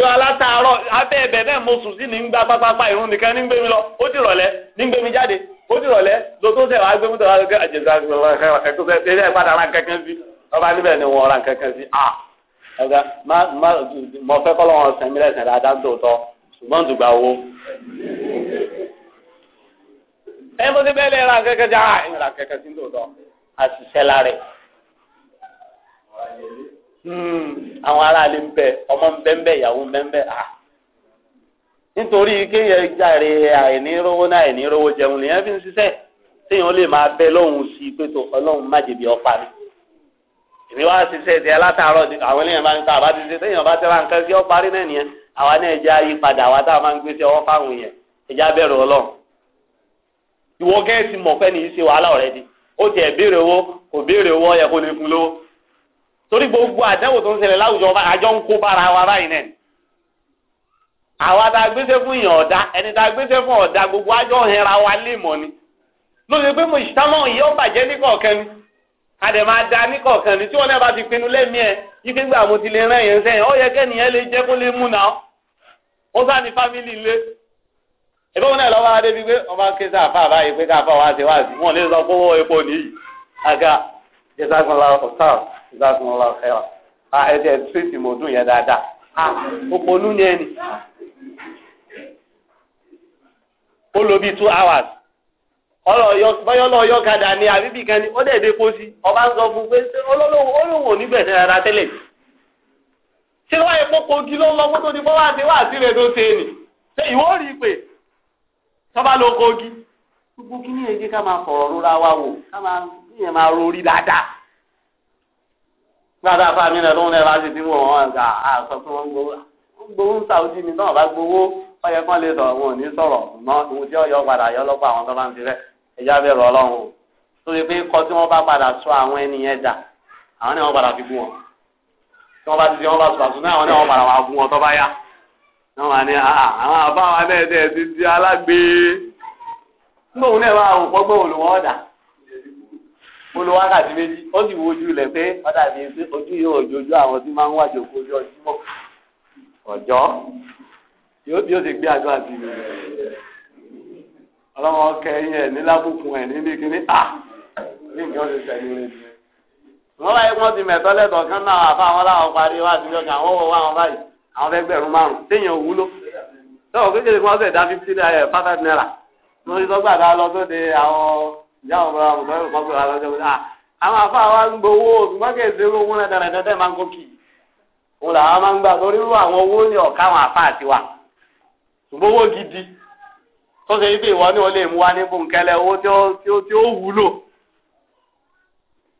wa látàárọ̀ mo sùn sí ní pápápá ìrún nìkan ní gbé mi lọ ó rọ̀lẹ́ ní gbé ẹgbẹ́ má má mọ fẹ́ kọ́ lọ́wọ́ sẹ́mi lẹ́sẹ̀ dáadáa tó tọ́ ṣùgbọ́n dùgbà wo. ẹ bó ti bẹ́ẹ̀ lè ra kẹ́kẹ́ já ẹ ra kẹ́kẹ́ sí tó tọ́ a sì ṣẹ́ lára ẹ̀. Hmm, àwọn aráàlú ń bẹ ọmọ ń bẹ ń bẹ ìyàwó ń bẹ ń bẹ à. nítorí kéèyàn jàre àìnírówó náà àìnírówó jẹun lèyàn fi ń ṣiṣẹ́ téèyàn lè máa bẹ lọ́hùn sí pé tó ọlọ́run má jèbi ọ̀pá mi. èmi wá ṣiṣẹ́ ìdí alátàárọ̀ àwọn eléyàn bá ń ta àbá ṣe téèyàn bá tẹ́ra nǹkan ọ parí náà nìyẹn àwa náà ẹja yí padà àwa táwa máa ń gbé sí ọwọ́ fáwọn yẹn ẹja bẹ̀rù ọlọ́run ìwọ gẹ́ẹ̀sì mọ̀ fẹ́ ṣe wàhálà gbogbo tó ń láwùjọ àjọ ń kó bára wa báyìí náà àwa tá a fún gbogbo àjọ hẹra wa lè ni adẹ̀ máa da ní kọ̀ọ̀kan ní tí wọ́n náà bá ti pinnu lẹ́mí ẹ̀ yíké gbà mo ti lè rán èèyàn sẹ́yìn ó yẹ kẹ́nìyàn lè jẹ́ kó lè mú náà ó sá ní fámìlì lé ẹgbẹ́ wọn náà lọ́wọ́ adé bíi pé ọba ké sá àfa pé ká wá sí wá sí wọn lè sọ pé owó epo nìyí aga jẹsàkùnlá ọ̀tá jẹsàkùnlá ọ̀hẹ́rà à ẹ jẹ mo dùn yẹn dáadáa à òpònú ni ó lo bíi two hours bọ́yọ́lọ́ ọyọ́kadà ni àbíbí kan ni ó dẹ̀ dé pósí ọba ń sọ fún pé olówó olówó nígbẹ̀sẹ̀ rárá tẹ́lẹ̀ ṣé wá epo kogi ló ń lọ fótó ni bọ́ wá wá rẹ̀ tó ṣe kogi gbogbo kí ni èyí ká máa fọ̀rọ̀ wa wò ká máa yẹn máa dáadáa gbàdá fáamí bá ti wọ́n àgbà pé wọ́n ọyẹ kan lè sọ̀rọ̀ wọn ò ní sọ̀rọ̀ mọ́ tí ọyọ padà yọ lọ́pọ̀ àwọn tó bá ń tirẹ̀ ẹja bẹ̀rù ọlọ́run o torí pé kọ tí wọ́n bá padà sọ àwọn ẹni yẹn dà àwọn ni wọ́n padà fi gún wọn tí wọ́n bá ti di wọ́n bá sọ àtúntò àwọn ni wọ́n padà wà gún wọn tó bá yá wọ́n wà ní àwọn àbá wa náà ẹ̀ ti di alágbe gbóhùn náà wà òpó gbóhùn olùwákàtí méjì ó sì wo ojú rẹ̀ pé ọ̀dà bíi ojú yóò jojú àwọn tí máa ń wájú ojú ọjọ́ ọjọ́ yóò ti gbé àdúrà sí mi ọlọ́wọ́ kẹyìn ẹ̀ nílábùkún ẹ̀ níbi kíní à ní nǹkan ti sẹ́ni rẹ̀ wọ́n báyìí wọ́n ti mẹ̀tọ́ lẹ́tọ̀ọ́ kán náà àfa àwọn láwọn parí wá sí ọjà àwọn wọ̀ wá àwọn báyìí àwọn fẹ́ gbẹ̀rún márùn téèyàn wúlò lọ́wọ́ kékeré kí wọ́n sẹ̀ dá fífi náírà five naira wọ́n ti sọ́gbà dá lọ sóde àwọn ìyá ọ̀bọ̀ àwọn ọ̀bọ̀ kan sọ̀rọ̀ alọ́jọ́ wọn àwọn afa wa ń gbowó ṣùgbọ́n kì í owó náà dáradára máa ń kó òun làwọn máa ń gbà torí irú àwọn owó ní ọ̀ká ṣùgbọ́n owó gidi tó ṣe wípé ìwọ ni wọ́n lè mú wa ní bòńkẹ́lẹ́ owó tí ó tí ó tí ó wúlò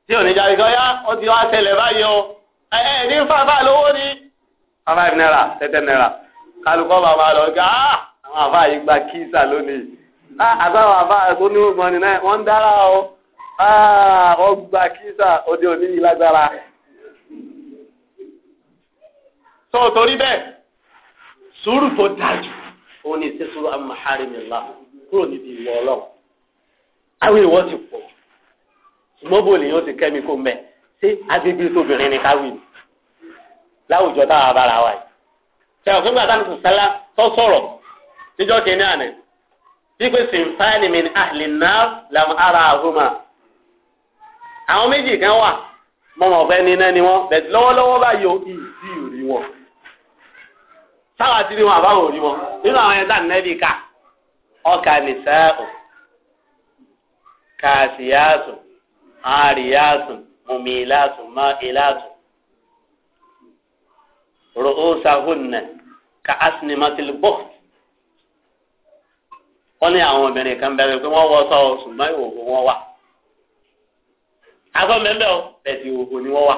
tí ò ní jáde gan yá ó ti wá ṣẹlẹ̀ báyìí o ẹ ẹ ní fàfà lówó ni five naira tẹ́tẹ́ naira kálukọ́ bàbá lọ gá ah! àwọn àbá yìí gba kíísà lónìí ah, àtàwọn àbá tó ní ogun ọ̀nì náà wọ́n ń dára o wọ́n ah, gba kíísà òde òní yìí lágbára. tó torí bẹ́ẹ̀ sùúrù tó dájú òun ni sísúrú amaharimila kúrò níbi ìwọ ọlọ́run àwọn ìwọ ti pọ̀ ṣùgbọ́n bò lèyìn ó ti kẹ́mi kó mẹ́ ṣé agbègbè tóbìnrin ni káwí ni láwùjọ táwa bára wa yìí sẹ́wọ̀n fún gbàdánù kò sálá tó sọ̀rọ̀ níjọ́ kìíní àná wípé sinfani min ahli nar lam ara ahuma àwọn méjì kan wà mọ̀mọ́ ọ̀fẹ́ níná ni wọ́n bẹ̀t lọ́wọ́lọ́wọ́ báyìí ó ì táwa ti rí wọn àbáwò rí wọn nínú àwọn ẹ̀dá nẹ́bí ká ọkà nìsáàbù kàṣíyàsùn àríyàsùn mùmílàsùn máìlàsùn rọ̀ọ́sàhùnà ka asinimatil ma wọ́n ní àwọn obìnrin kan bẹ̀rẹ̀ pé wọ́n wọ sọ ṣùgbọ́n ìhòòhò wọn wà aṣọ mẹ́mẹ́ o bẹ̀sì ìhòòhò ni wọ́n wà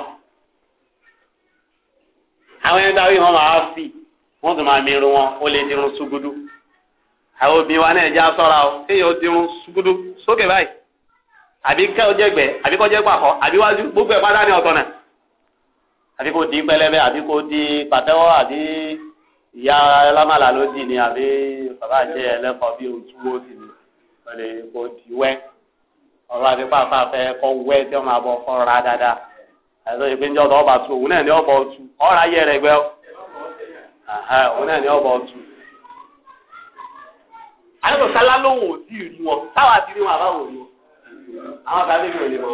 àwọn ẹni tá máa fi. wọ́n tún máa mìíràn wọn ó lè dirun sugudu àwọn obìnrin wa náà jẹ́ asọ́ra o kéèyàn dirun sugudu sókè báyìí àbí kẹ́ ọ jẹ́gbẹ́ àbí kọ́ jẹ́ pàkọ́ àbí wájú gbogbo ẹ̀ pátá ní ọ̀tọ̀ náà àbí kò di pẹlẹbẹ àbí kò di pàtẹ́wọ́ àbí ìyá lámàlà ló dì ní àbí bàbá jẹ ẹlẹ́kọ̀ọ́ bí ojú ó sì ní pẹ̀lẹ́ kò di wẹ́ ọ̀rọ̀ àti pàpà fẹ́ kọ́ wẹ́ tí wọ́n máa bọ̀ fọ́ra dáadáa àti ìpínjọ́ tó ọba tu òun náà ní ọ̀bọ̀ tu ọ̀rọ̀ ayé rẹ̀ gbẹ́ ọ́ òun náà ni ọba ọtún. àyẹ̀wò sálá lòun ò tí ì rí wọn táwa ti rí wọn àbáwò rí wọn àwọn kan níbi òní mọ.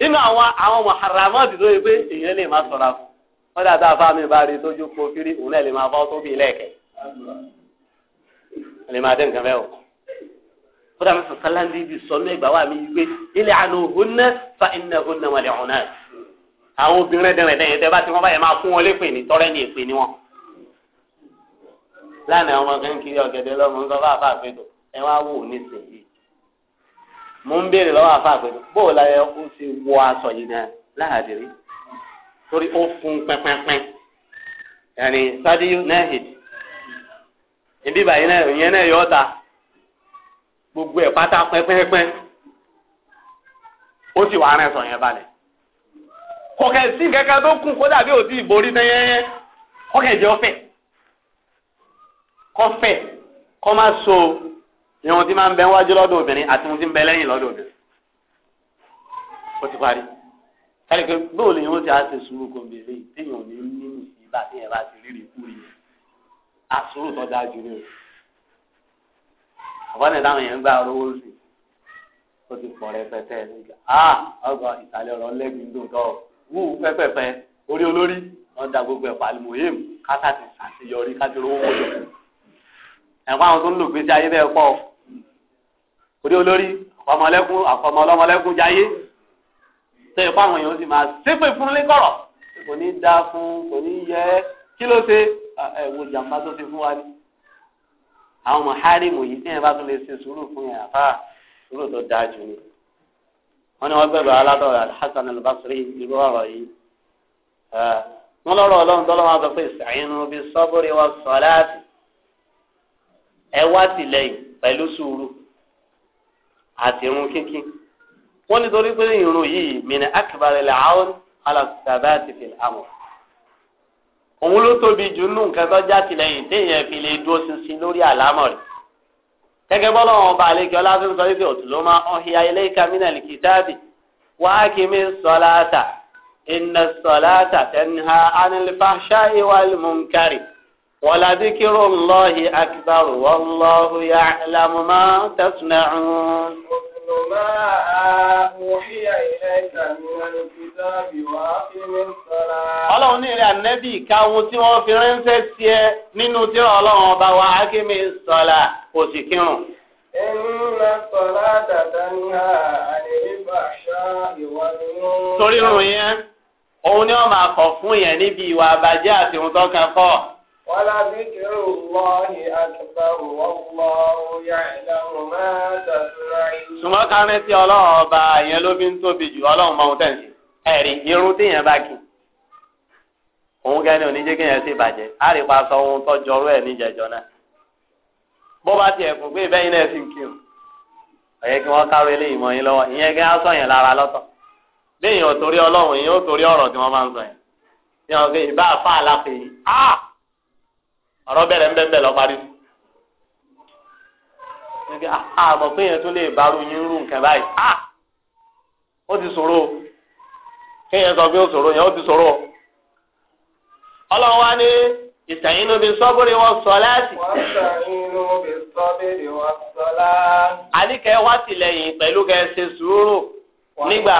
nínú àwọn àwọn mọ̀hàrámọ́ọ̀dì tó yẹ pé èèyàn lè má sọ̀ra fún wọ́n dàda àfa mi bá rí tójú po kiri òun náà lè máa bọ́ tóbi lẹ́ẹ̀kẹ́ lè máa dé nǹkan bẹ́ẹ̀ o kódà mi sọ̀kálá níbi sọ́nù ìgbà wà mí wí ilé àná òhun náà fa iná òhun náà wà lẹ́hùn àwọn obìnrin dẹrẹ̀dẹ̀ yẹn tẹ́ bá ti wọ́n báyẹn máa fún wọn lépè ní tọ́rẹ́ ní èpè ní wọn. lánàá ọmọ kan kiri ọ̀gẹ̀dẹ̀ lọ́mọ ń sọ fún àfa àpètò ẹ wá wò ní sèyí. mo ń béèrè lọ́wọ́ àfa àpètò bóò la yẹ kó ṣe wọ aṣọ yìí náà láàdìrí torí ó fún pẹ́pẹ́pẹ́ yàní sadiyu nahid ibi báyìí náà ìyẹn náà yọ ọ́ta gbogbo ẹ̀ pátá pẹ́pẹ́pẹ́ ó sì wà á rẹ̀ sọ̀ yẹn balẹ̀ kọ̀kẹ́ sí kankan tó kù kó dàbí òtí ìborí tẹ́yẹ́yẹ́ kọ́kẹ́ jẹ́ ọ̀fẹ́ kọ́fẹ́ kọ́ máa so ìwọ̀n tí máa ń bẹ wájú lọ́dọ̀ obìnrin àti ohun tí ń bẹ lẹ́yìn lọ́dọ̀ obìnrin ó ti parí kárí pé bóò lè wọ́n ti á ṣe sùúrù kó bèrè téèyàn ní ní ìgbà téèyàn bá ti rírì kú yìí àsùúrù tó dáa jù rẹ̀ àbọ̀nẹ̀ táwọn èèyàn gbà rówó sí ó ti pọ̀ rẹpẹtẹ nígbà ah, á ọgbà ìsàlẹ̀ ọ̀rọ̀ lẹ́gbìn dùn tọ́ wú pẹ́pẹ́pẹ́ orí olórí ọ̀dà gbogbo ẹ̀fọ́ àlùmọ̀yéèmù kátà ti ṣàṣeyọrí kájọrò owó wọlé ẹ̀fọ́ àwọn tó ń lò gbèsè ayé bẹ́ẹ̀ pọ̀ orí olórí àfọmọlẹ́kún àfọmọlọ́mọlẹ́kún jayé tó ẹ̀fọ́ àwọn èèyàn sì máa ṣépè fún lẹ́kọ̀rọ̀ kò ní dá fún kò ní yẹ kí ló ṣe ẹ̀wò jàǹbá tó ṣe fún wa ni àwọn mọ̀hárìmù yìí tí yẹn bá tún lè ṣe sùúrù fún yẹn àfáà sùúrù tó dáa jù ni wọn ni wọn gbẹgbẹ aládọrọ alhassan albasri irú ọ̀rọ̀ yìí wọn lọ́rọ̀ Ọlọ́run tọlọ wọn sọ pé sàyínú bíi sọbúrì wa sọláàtì ẹ wá tìlẹ́yìn pẹ̀lú sùúrù àti irun kínkín wọn nítorí pé irun yìí mìíràn akibari làwọn alàtàbà ti fi àmọ́ òun ló tóbi jù nù nǹkan já tìlẹ́yìn téèyàn fi lè dúró ṣinṣin lórí àlámọ rẹ gẹ́gẹ́ bọ́lá wọn bá àlejò ọlásùn sọ wípé òtún ló máa ń hiya ilé kamínà ní kìtàbì wá kí mi sọláàtà iná sọláàtà tẹnha anilfàṣà ìwà lùmùnkárì wàlàdíkìrò ńlọ́ọ̀hì akíbarù wọ́n lọ́ọ̀hù yà lámùmá tẹ̀sùnà ọ̀hún. اتل ما أوحي إليك من الكتاب وأقم الصلاة ọlọ́run ní ìrẹ́ ànẹ́bì ká ohun tí wọ́n fi ránṣẹ́ sí ẹ nínú tírà ọlọ́run ọba wa akémi sọ̀la kò sì kírun. Inna salata tanha 'anil fahsha'i wal munkar. torí irun yẹn òun ni wọ́n máa kọ̀ fún yẹn níbi ìwà àbàjẹ́ àti ohun tó kan ولذكر الله أكبر والله يعلم ما تصنعون. Sùmọ́ ká rántí ọlọ́run ọba yẹn ló fi ń tóbi jù ọlọ́run máa ń tẹ̀ sí. Ẹ̀rí irun téèyàn bá kí. Òun gẹ́ni oníjẹ́ kéèyàn sì bàjẹ́. Á rí pa sọ ohun tọ́jú ọrú ẹ̀ níjẹ̀jọ́ náà. Bó bá tiẹ̀ kún pé ìbẹ́yìn náà sì ń kírun. Ọ̀yẹ́ kí wọ́n kárò eléyìí mọ́ yín lọ́wọ́. Ìyẹn gẹ́ á sọ yẹn lára lọ́tọ̀. Béèyàn ò torí ọlọ́run, ìyẹn ò torí ọ̀rọ̀ tí wọ́n máa ń sọ yẹn. Ìyẹn ò ọ̀rọ̀ bẹ̀rẹ̀ lọ parí. àmọ̀ ah, ah, pé yẹn tún lè nru yín rú nǹkan báyìí ah! ó ti ṣòro kéèyàn sọ pé ó ṣòro yẹn ó ti ṣòro. ọlọ́run wá sọ́bùrì wọn sọ láti. wọ́n sàyínú bíi sọ́bùrì wọn sọ láti. àníkẹ́ wá pẹ̀lú kẹ́ ẹ ṣe sùúrù nígbà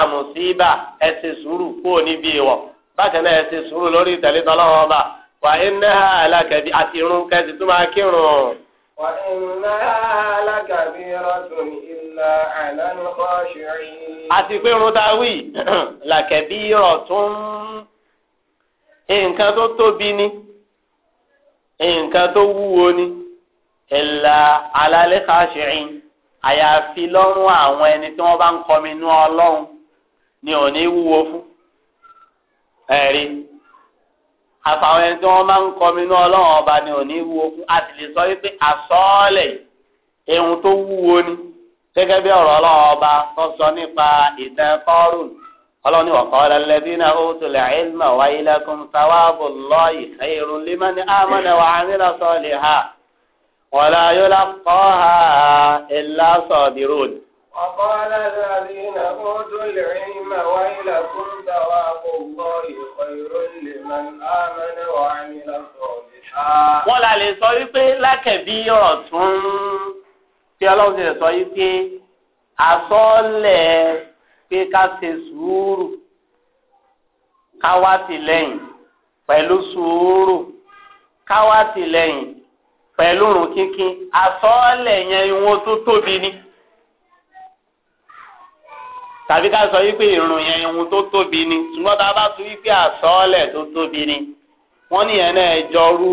ẹ ọba. wà iná alákàbí àti irun kẹsì tó máa kírun. wà iná alákàbí rọ́tún ilà àlánú kọ́ṣùrì. àti pé irun tá a wí làkàbí rọ̀tún nǹkan tó tóbi ni nǹkan tó wúwo ni ilà alálẹ́ kọ́ṣùrì àyàfi lọ́rùn àwọn ẹni tí wọ́n bá ń kọminú ọlọ́run ni ò wúwo fún ẹ̀rí àtàwọn ẹni tí wọ́n máa ń kọmi ní ọlọ́run ọba ni ò ní wúwo fún a sì lè sọ wípé àsọ́ọ̀lẹ̀ ẹ̀hún tó wúwo ni gẹ́gẹ́ bí ọ̀rọ̀ ọlọ́run ọba tó sọ nípa ìtàn kọ́rùn ọlọ́run ìwọ̀n kọ́ ọ̀rẹ́ lẹ́dínà ó tulẹ̀ ilmà wáyé lẹ́kùn sáwáàbù lọ́ọ̀yì ẹ̀rùn límọ́ ní àmọ́nà wà á nílò sọ́ọ̀lì ha wọ́n láyọ̀ lápọ̀ ha ẹ̀ lásọ̀ọ́dì ròdì. وقال الذين أوتوا العلم ويلكم ثواب الله خير لمن آمن وعمل صالحا. wọ́n la lè sọ wípé lákẹ̀bí ọ̀rọ̀ tún tí ọlọ́run ti sọ wípé àsọ́ọ̀lẹ̀ pé ká ṣe sùúrù ká wá tìlẹ́yìn pẹ̀lú sùúrù ká wá tìlẹ́yìn pẹ̀lú rùn kínkín àsọ́ọ̀lẹ̀ yẹn ìwọ̀n tó tóbi ni tàbí ká sọ wípé ìrùn yẹn ohun tó tóbi ni ṣùgbọ́n tá a bá sọ wípé àsọ́ọ̀lẹ̀ tó tóbi ni wọ́n nìyẹn náà jọrú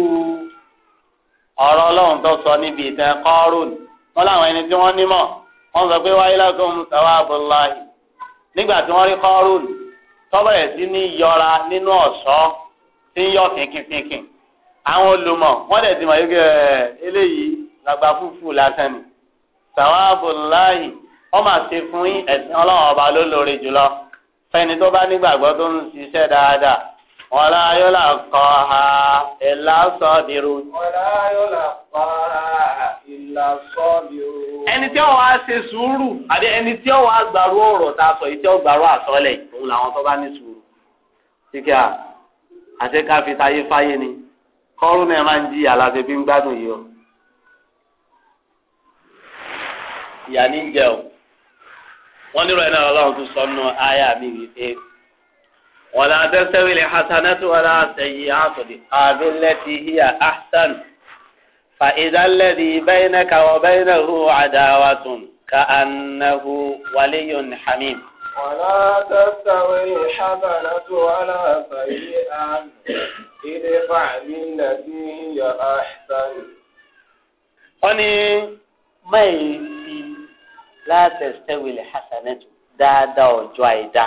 ọ̀rọ̀ ọlọ́run tó sọ níbi ìtàn kọ́rùn wọn làwọn ẹni tí wọ́n nímọ̀ wọ́n sọ pé wáyé lágùn sàwábùláì nígbà tí wọ́n rí kọ́rùn tọ́bẹ̀rẹ̀ sí ní yọra nínú ọ̀ṣọ́ tí ń yọ fínkínfínkín àwọn olùmọ̀ wọ́n dẹ̀ ti mọ̀ yí eléyìí làgbà fúfú lásán ni sàwábùláì ọmọ àti fún yín ẹ̀sìn ọlọ́run ọba ló lóore jùlọ fẹ́ni tó bá nígbàgbọ́ tó ń ṣiṣẹ́ dáadáa wọn la yóò là kọ́ ha ìlà sọ dirun. wọn la yóò là kọ́ ha ìlà sọ dirun. ẹni tí wọn wá ṣe sùúrù àbí ẹni tí wọn wá gbàrú ọ̀rọ̀ tá a sọ yìí tí wọn gbàrú àsọlẹ̀ òun làwọn tó bá ní sùúrù. síkẹ́ à àti káfíńtà yé fáyé ni kọ́rù náà máa ń jí àlàfẹ́ bí ń gbádùn yìí o. ìyá ní jẹun wọ́n nírọ̀ iná ọlọ́run tún sọ nù àyà mi wípé wọ́n là tẹ́sẹ̀wé lè hasanatu wọ́n là sẹ́yìn àtọ̀dì àbílẹ̀tì hiya ahsan fàìdálẹ́dì bẹ́ẹ̀nà kàwọ́ bẹ́ẹ̀nà hu àdáwàtún ka annahu waliyun hamim. wọ́n là tẹ́sẹ̀wé lè hasanatu wọ́n là sẹ́yìn àtọ̀dì ìdẹ́fà àbílẹ̀tì hiya ahsan. wọ́n ní mẹ́yìn fi látẹ̀sítẹ́wìlì hasanẹ́tù dáadáa ọjọ́ àìdá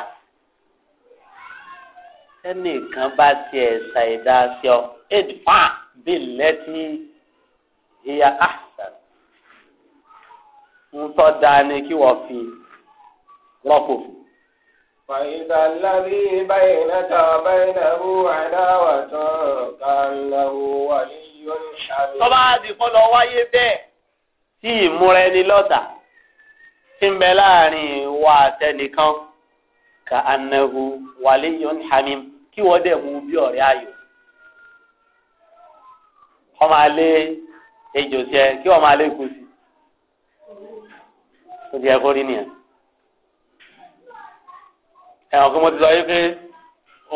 ẹnìkan bá tiẹ̀ ṣàìdá sí ọ ẹ̀dùfà bíi lẹ́tí ìyá àṣà ń tọ́ dáa ni kí wọ́n fi rọ́pò فإذا الذي بينك وبينه عداوة كأنه ولي حميم. Tó bá di kó lọ wáyé bẹ́ẹ̀ tí ìmúra tí ń bẹ láàrin ìwà àtẹnìkan ka anahu waliyun hamim kí wọ́n dẹ̀ mú bí ọ̀rẹ́ ayò wọ́n máa lé ejò tiẹ̀ kí wọ́n máa lé kù sí ó di ẹ̀kọ́ rí nìyẹn ẹ̀wọ̀n kí mo ti sọ yìí pé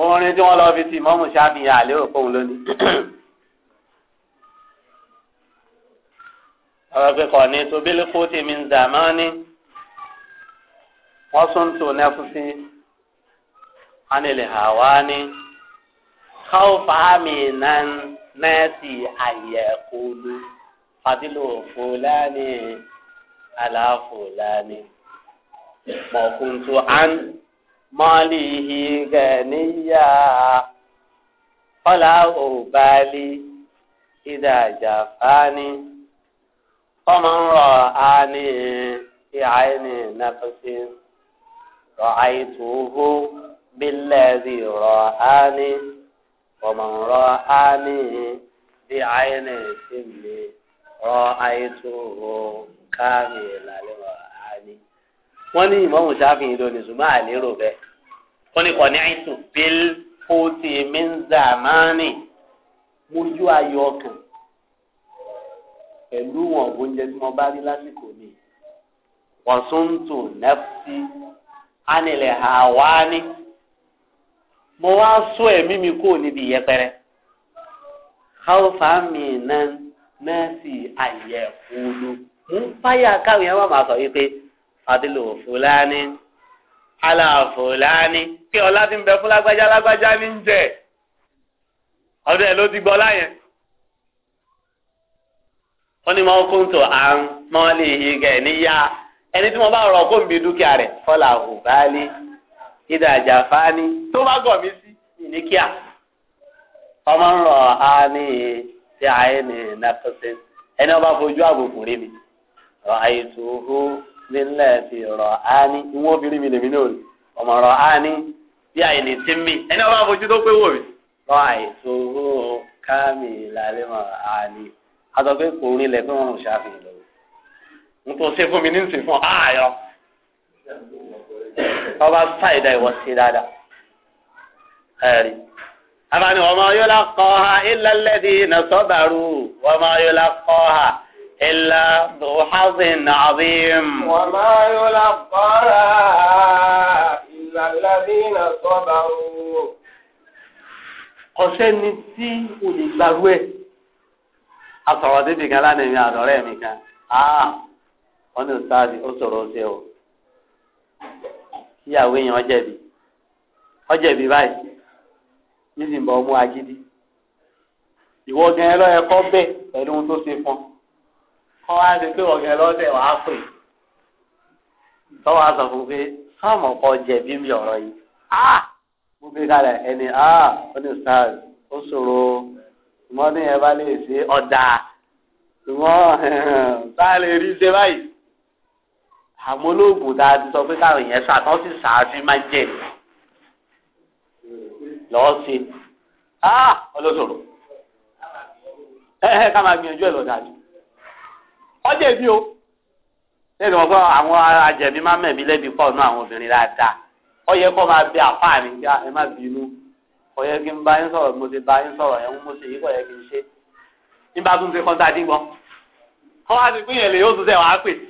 orin tí wọ́n lọ fi ti mọ́mù ṣáàbìyàn àlérò fóun lónìí. ọ̀rọ̀ pé kọ́ni tó bílí kó tèmi ń zàmánì. وصنت نفسي عن الهوان خوفا من الناس أن يقولوا فضل فلان على فلان ما كنت عن ماله غنيا فلا أبالي إذا جفاني ومن رآني بعين نفسي رأيته بالذي رآني ومن رآني بعين سمي رأيته كامل الرآني wọ́n ní ìmọ̀mù sáfìhìn lónìí ṣùgbọ́n àlérò bẹ́ẹ̀ wọ́n ní kọ́ni àìsùn bíl fóòtì mínzàmánì mojú ayọ̀ ọkàn pẹ̀lú wọn oúnjẹ tí mo bá rí lásìkò mi wọ́n tún tún nẹ́fì ani la a waa ni. mwau sọ emi m kọ pere. ha o fami na nes ayiwo o n'o. mụ faya kaw ya ma sọ ipe. Adelowo fu laa ni? Ala fu laa ni? Nwoke Ọlatin bẹ́fu lagba dagba ni njẹ? Ọdụ e-lo ti gbọla yẹn. Onimọ-okuntu an mọlị ihe n'iya. ẹni tí mo bá rọ kó mi dúkìá rẹ̀ fọlá òbáálé ìdàjà fáání tó bá gọ̀ mí sí ìníkíà ọmọ ń rọ àání tí àyè ní nàkọsẹ ẹni ọba fojú àbùkù rí mi rọ àyètò owó nílẹ̀ ti rọ àání ìwọ́n obìnrin mi lèmi náà ọmọ rọ àání bí àyè ti mí ẹni ọba fojú tó pé wò mí rọ àyètò owó kámi ìlàlẹ́ mọ̀ àání àtọ̀ pé kò rí lẹ̀ pé wọ́n ṣàfihàn lọ́wọ́ n tó ṣe fún mi ní nsìn fún ààyọ ah, ọba fàyídà ìwọ sí dáadáa ẹrí abani wa ma yulaqqaha illa alladhina sabaru wa ma yulaqqaha illa dhu hazin azim. wa ma yulaqqaha illa alladhina sabaru. ọ̀sẹ̀ ni tí olùgbàlú ẹ̀ dídì kan lánàá mi àtọ̀rẹ́ mi kan. Ah wọ́n ní ọ̀sáàdì ó sọ̀rọ̀ ọ̀sẹ̀ o ìyàwó èèyàn ọ̀jẹ̀bi ọ̀jẹ̀bi báyìí nísìnyìnbọn ọmú agídí ìwọ gan ẹ lọ́yẹ kọ́ bẹ́ẹ̀ pẹ̀lú ohun tó ṣe fún ọ kọ́ wá ní pé ọ̀gá ẹ lọ́sẹ̀ wàá pè tọ́wọ́ sọ fún pé sọ́ọ̀mù kọ́ jẹ̀bi mi ọ̀rọ̀ yìí ah! mo gbé kalẹ̀ ẹni ah! ó ní ọ̀sáàdì ó sọ̀rọ̀ ìmọ̀ọ́dún yẹn bá lè ṣe ọ̀dà ìmọ̀ sáà lè rí ṣe báyìí àwọn olóògùn tá a ti sọ pé káwọn èèyàn sà tán sì sàáfin máa ń jẹ lọ́ọ́ sí ah! ọlọ́sọ̀rọ̀ ẹ̀ẹ́ ká máa gbìyànjú ẹ̀ lọ́dà jù ọjọ́ èmi o lẹ́nu ọgbọ́n àwọn ajẹ̀mí máa mẹ̀mí lẹ́bi pọ̀ náà àwọn obìnrin dáadáa ó yẹ máa bẹ àfáà mi já ah, ẹ má bínú ó kí n bá yín sọ̀rọ̀ mo ti bá yín sọ̀rọ̀ ẹ̀ ń mo ṣe yí kò kí n ṣe nígbà tó ń ṣe kọ́ńtà dín kọ́ wá sí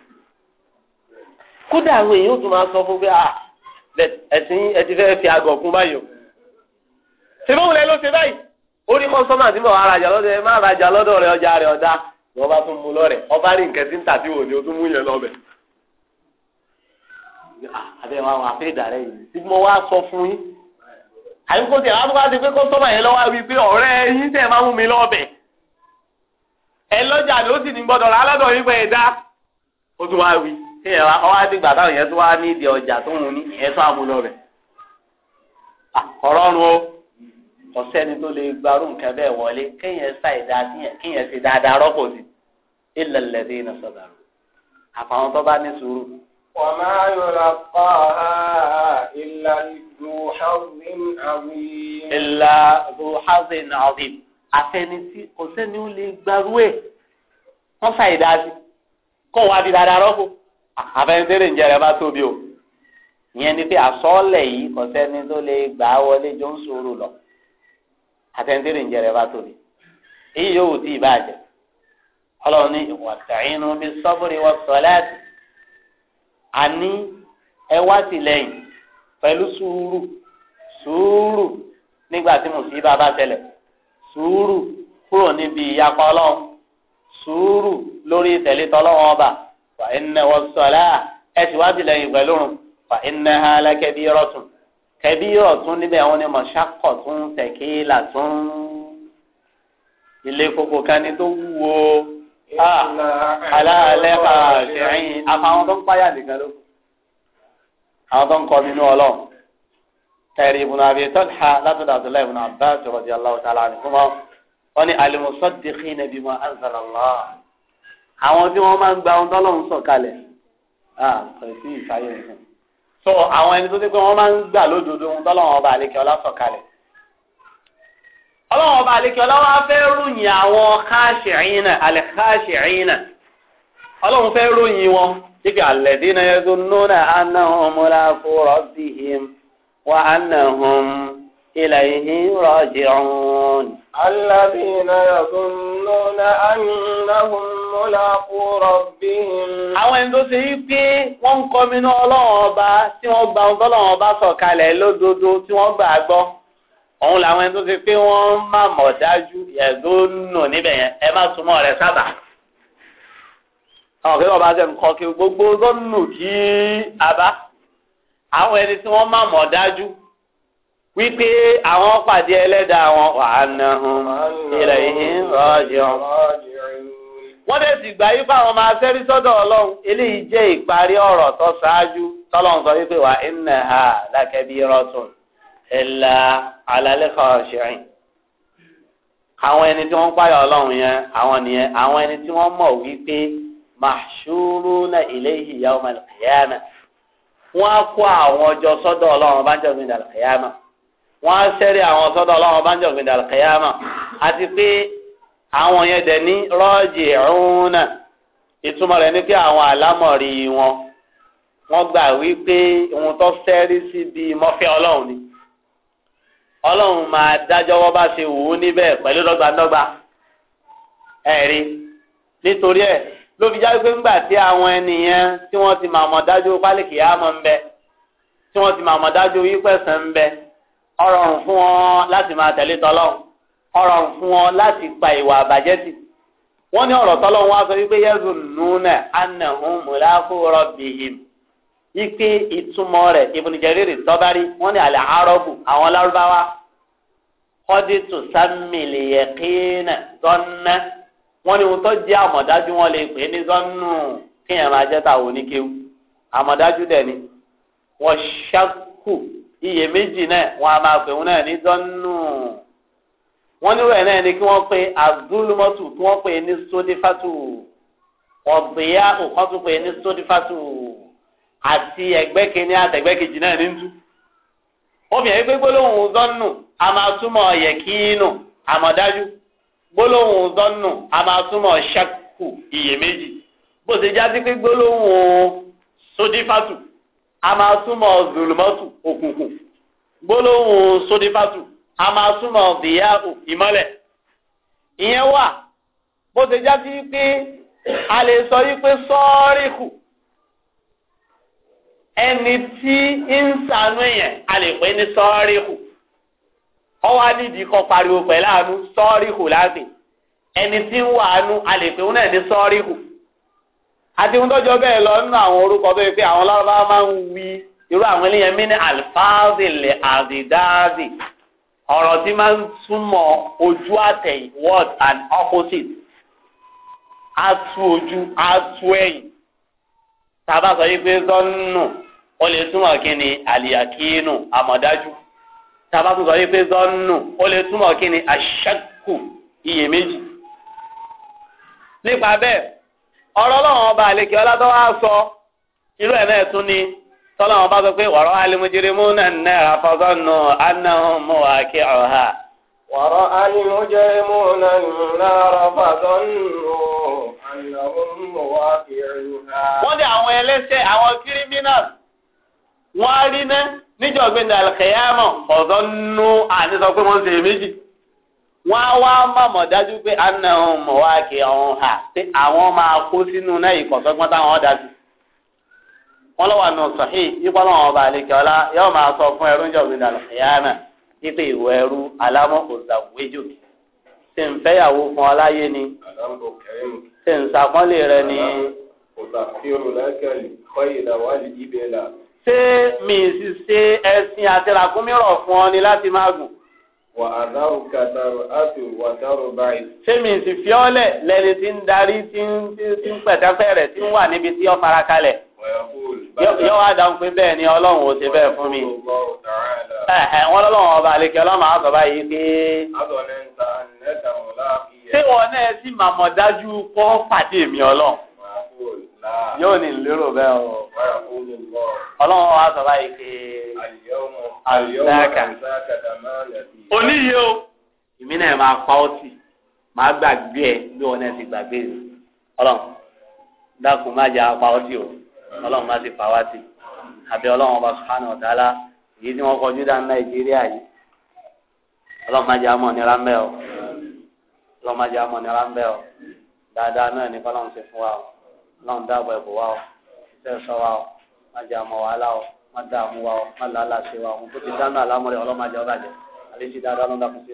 kódà àwọn èèyàn tún máa sọ fún pé ah ẹ̀sìn ẹ̀sìn fẹ́ fi àgọ̀ kún báyìí o. ṣèbáwò lẹ ló ṣe báyìí orí kọ́sọ́mà tí mo arajà lọ́dọ̀ ẹ má arajà lọ́dọ̀ rẹ ọjà rẹ ọ̀dà ni wọ́n bá tún mú lọ́rẹ̀ ọba rí nǹkan tí ń tà tí wò ni o tún mú yẹn lọ́bẹ̀. àbẹ̀ ah, wa wà fẹ́ ìdàrẹ́ yìí tí mo wá sọ fún yín. àyìn kò tẹ̀ wá ti pé kọ́sọ́mà yẹn lọ́wọ́ wí pé ọ̀rẹ́ yín tẹ̀ máa mú mi lọ́bẹ̀. ẹ lọ́jà ni ó sì ní gbọ́dọ̀ rà á lọ́dọ̀ yín pé ẹ dá ó tún wá wí kí ẹ wá ọwọ́ àti gbàtà yẹn tó wá ní ìdí ọjà tó ń ní ẹ tó àmúlò rẹ̀ àkọ́rọ́run o kò sẹ́ni tó lè gbarú nǹkan bẹ́ẹ̀ wọlé kéèyàn ṣàìdá kéèyàn ṣe dáadáa rọ́pò sí ilẹ̀ lẹ́dí iná sọ̀dọ̀rọ̀ àfàwọn tó bá ní sùúrù. wọ́n máa yọra pa ilà ìlú hazin azim. ilà ìlú hazin azim àfẹnití kò sẹ́ni ó lè gbarú ẹ̀ wọ́n ṣàìdá sí kó wá di dáadáa rọ́pò àfẹnudẹ́rẹ́ ǹjẹ́ rẹ bá tóbi o ìyẹn ni pé àsọ́ọ̀lẹ̀ yìí kò sẹ́ni tó lè gbà á wọlé jọ ń sòrò lọ àfẹnudẹ́rẹ́ ǹjẹ́ rẹ bá tóbi èyí yóò tí ì bá jẹ ọlọ́run ní wasta'inu bis-sabri was-salati àní ẹ wá tìlẹ́yìn pẹ̀lú sùúrù sùúrù nígbà tí mùsíbà bá ṣẹlẹ̀ sùúrù kúrò níbi ìyapa ọlọ́run sùúrù lórí ìtẹ̀lé tọ́lọ́run ọba fa iná wọ́n sọ̀lá ẹ ti wáá tìlẹ́yìn pẹ̀lú rùn fa iná ha lákẹ́bí rọ̀tún kẹ́bí rọ̀tún níbẹ̀ àwọn ni mọ̀ṣákọ̀ tún tẹ̀kílà tún ilé koko kan ní tó wúwo ah, aláàlẹ́ àṣẹyìn àfàwọn tó ń páyà nìkan ló àwọn tó ń kọ́ nínú ọlọ́run tẹ̀rí ibùnà àbí tọ́lá látọ̀dọ̀ àdúlá ibùnà àbá àti rọ̀dí aláwọ̀ tààlà nìkan wọn ni alimusọ́dìkì nàbí mọ́ àzàlá àwọn tí wọ́n máa ń gba ohun tọ́lọ́run sọ̀kalẹ̀ kò sí ìfàyè nìkan so àwọn ẹni tó ti pé wọ́n máa ń gbà lódodo ohun tọ́lọ́run ọba àlekè ọlá sọ̀kalẹ̀ ọlọ́run ọba àlekè wa fẹ́ ròyìn àwọn káàṣìrìnà àlẹ́ káàṣìrìnà ọlọ́run fẹ́ ròyìn wọn ibi àlẹ́dínà yazunnuna annahum mulaqu rabbihim wa annahum إليه راجعون الذين يظنون أنهم múlákú rabbihim. àwọn ẹni tó ṣe yí pé wọ́n ń kọ́mínú ọlọ́run ọba tí wọ́n gba ọlọ́run ọba sọ̀kalẹ̀ lódodo tí wọ́n gbà gbọ́ òun làwọn ẹni tó ṣe pé wọ́n má mọ̀ dájú ẹ̀dó nù níbẹ̀ yẹn ẹ má súnmọ́ rẹ̀ sábà. àwọn òkèèrè ọba ṣe ń kọ́ kí gbogbo tó nù kí a bá àwọn ẹni tí wọ́n má mọ̀ dájú wípé àwọn pàdé ẹlẹ́dàá wọn wà á nà hàn ilẹ̀ yìí rọ́ọ̀jọ́ wọ́n dẹ̀ sì gbà yí fáwọn máa sẹ́rí sọ́dọ̀ ọlọ́run eléyìí jẹ́ ìparí ọ̀rọ̀ tó ṣáájú tọ́lọ́run sọ wípé wà inna ha lákẹ́bí rọ́tún ẹ̀là alálẹ́kọ̀ ṣẹ̀rìn. àwọn ẹni tí wọ́n páyọ̀ ọlọ́run yẹn àwọn nìyẹn àwọn ẹni tí wọ́n mọ̀ wípé mahshuruna ilayhi yawm al-qiyamah wọ́n á kó àwọn ọjọ́ sọ́dọ̀ ọlọ́run bá ń jẹ́ wọ́n á sẹ́rí àwọn sọ́dọ̀ ọlọ́run bá ń jẹ́ àti pé àwọn yẹn dẹ̀ ní rọ́ọ̀jì ẹ̀rúnà ìtumọ̀ rẹ̀ ní pé àwọn àlámọ̀rí wọn wọ́n gbà wípé ohun tó sẹ́rí sí bíi mọ́fẹ́ ọlọ́run ni ọlọ́run máa dájọ́ wọ́n bá ṣe wù ú níbẹ̀ pẹ̀lú dọ́gbandọ́gba ẹ̀rí nítorí ẹ̀ ló fi jáwé pé ńgbà tí àwọn ènìyàn tí wọ́n ti màmọ́ dájú pálíkì àmọ́ ń bẹ tí wọ́n ti màmọ́ dájú wípẹ̀sán ń bẹ ọ̀rọ̀rùn fún wọn láti máa tẹ̀lé tọ́lọ́run ọ̀rọ̀ fún ọ láti pa ìwà àbàjẹ́ tì wọ́n ní ọ̀rọ̀ tọ́lọ́ wọn sọ wípé yẹ́sùn nùnà anahun mùláfù rọ̀bìhìm wípé ìtumọ̀ rẹ̀ Ibn Jarir tọ́bárí wọ́n ní àlẹ́ àrọ́bù àwọn lárúbáwá kọ́dítù sàmìlìyẹ̀kínà zọ́nà wọ́n ní ohun tó jẹ́ àmọ̀dájú wọn lè pè é ní zọ́nù kéèyàn máa jẹ́ tàwọn oníkéwu àmọ̀dájú dẹ̀ ni wọ́n ṣàkù iyèméjì náà wọ́n á máa pè wọn náà ní zọ́nù wọ́n nírò ẹ̀ náà ni kí wọ́n pe azulumọ́tù kí wọ́n pe ní sódífàtù ọ̀dìyà òkan tún pe ní sódífàtù àti ẹgbẹ́ kìíní àtẹ̀gbẹ́ kejì náà ní tú. obìnrin wípé gbólóhùn zọ́nù a máa túmọ̀ yẹ̀kínù àmọ̀dájú gbólóhùn zọ́nù a máa túmọ̀ ṣẹ́kù iyèméjì bó ṣe já pé gbólóhùn sódífàtù a máa túmọ̀ zulumọ́tù òkùnkùn gbólóhùn sódífàtù a máa túmọ̀ ọ̀dìyà ìmọ́lẹ̀ ìyẹn wà bó ṣe já sí pé a lè sọ wípé sọ́ọ́rìkù ẹni tí ń sànú yẹn a lè pè ní sọ́ọ́rìkù ọwọ́ nídìí kan pariwo pẹ̀lú àánú sọ́ọ́rìkù láti ẹni tí ń wà ánú a lè pè ní sọ́ọ́rìkù àti ohun tọ́jọ́ bẹ́ẹ̀ lọ nínú àwọn orúkọ tó pé àwọn lárúbáwá máa ń wí irú àwọn eléyẹn ní alfáàzì lè àdìdáàzì ọ̀rọ̀ tí máa ń túmọ̀ ojú àtẹ̀yìn word and opposite á tú ojú á tú ẹ̀yìn tá a bá sọ yìí pé zọ́nù ó lè túmọ̀ kí ni àlìyàkínú àmọ̀dájú tá a sọ yìí pé zọ́nù ó lè túmọ̀ kí ni iyèméjì nípa bẹ́ẹ̀ ọ̀rọ̀ ọlọ́run ọba àlekè ọlátọ́wá sọ irú ẹ̀ náà tún ni tọ́lá wọn bá sọ pé wọ̀rọ̀ al-mujrimuna an-nara fazannu annahum waqi'uha. wọ̀rọ̀ al-mujrimuna an-nara fazannu annahum waqi'uha. wọ́n ní àwọn ẹlẹ́ṣẹ̀ àwọn criminals wọ́n á rí náà níjọ̀gbìn ní al-qiyamah fazannu àti sọ pé wọ́n ṣe méjì wọ́n á wá mọ̀mọ́ dájú pé annahum waqi'uha pé àwọn máa kó sínú náà ìkọ̀sọ́gbọ́n wọn lọ wà nù sọhí yípa lọ́wọ́ ọba àlekè ọlá yóò máa sọ fún ẹrú níjọ gbẹdà lọkẹyàmẹ ipe ìwọ ẹrú alámọ òzàwéjò ṣe ń fẹ́yàwó fún ọ láyé ni ṣe ń sàpọ́nlé rẹ ni. ṣé mi sì ṣe ẹ̀sìn àtẹlàkúnmí fún ọ ni láti máa gùn. wà á dáhù kàtàrù àti wàtàrù báyìí. ṣé mi sì fi ọ́ lẹ̀ lẹ́ni tí ń darí tí ń pẹ̀tẹ́pẹ̀ rẹ̀ tí ń wà níbi tí ó yóò wá dáhùn pé bẹ́ẹ̀ ni ọlọ́run ò ṣe bẹ́ẹ̀ fún mi. wọ́n lọ́lọ́run ọba àlekè ọlọ́run àwọn bàbá yìí pé. ṣé wọn náà sì máa mọ̀ dájú kọ́ pàdé mi ọlọ́run. yóò ní lérò bẹ́ẹ̀ o. ọlọ́run wa sọ báyìí pé. àlùdáàkà oníyẹ o èmi náà máa pa ọ́ sí máa gbàgbé ẹ bí wọn náà ti gbàgbé mi ọlọ́run dákun má jẹ́ apá ọ́ sí o ọlọ́run bá ti fà wá sí àbí ọlọ́run ọba subhanahu wa ta'ala èyí tí wọ́n kọjú dá nàìjíríà yìí ọlọ́run má jẹ́ àmọ́ nira ń bẹ́ o ọlọ́run má jẹ́ àmọ́ nira ń bẹ́ o dáadáa náà ní kọ́lọ́run ti fún wa o ọlọ́run dáàbò ẹ̀bùn wa o ṣe sọ wa o má jẹ́ àmọ́ wàhálà o má dààmú wa o má làálà ṣe wa o tó dáná àlámọ́rẹ́ ọlọ́run má jẹ́ ọ̀bàjẹ́ àlejò dáadáa ọlọ́run dákun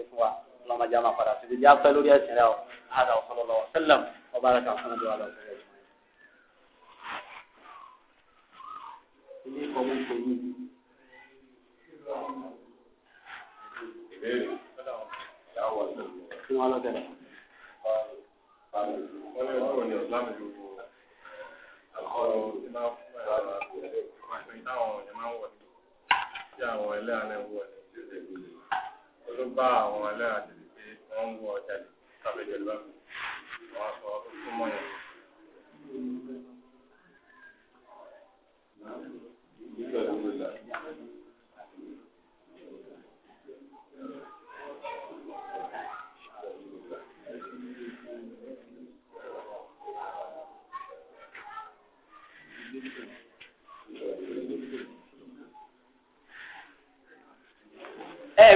ilé ìfọwọ́ ń pèyí. ìbéèrè fún àkọ́rọ̀ tí Thank you ẹ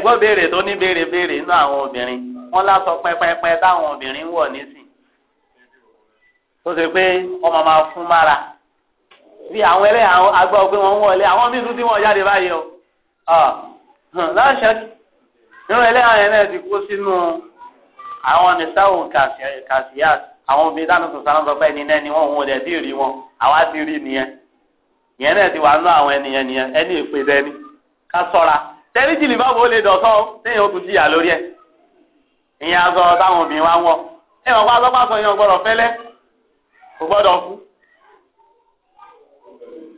gbọ́ béèrè tó ní béèrè béèrè nínú àwọn obìnrin wọ́n lásọ pẹ́pẹ́pẹ́ táwọn obìnrin wọ̀ nísìn tó ṣe pé ọmọ máa fún mára bí àwọn ẹlẹ́ àwọn agbá ọgbẹ́ wọn wọlé àwọn míì tún tí wọ́n jáde báyìí o láṣẹ nínú ẹlẹ́ àwọn ẹlẹ́ ti kó sínú àwọn nìsáwò kàṣíyàs àwọn obìnrin dáná tó sáná sọ ẹni náà ni wọn òun ò dẹ̀ rí wọn àwa ti rí nìyẹn ìyẹn náà ti wà nú àwọn ènìyàn nìyẹn ẹni èpè dẹni ká sọ́ra tẹ́lí jìlì bá wo lè dọ̀tọ́ téèyàn ó jìyà lórí ẹ̀ ìyẹn aṣọ táwọn obìnrin wa ń ẹ̀ wọ́n bá lọ́pàá sọ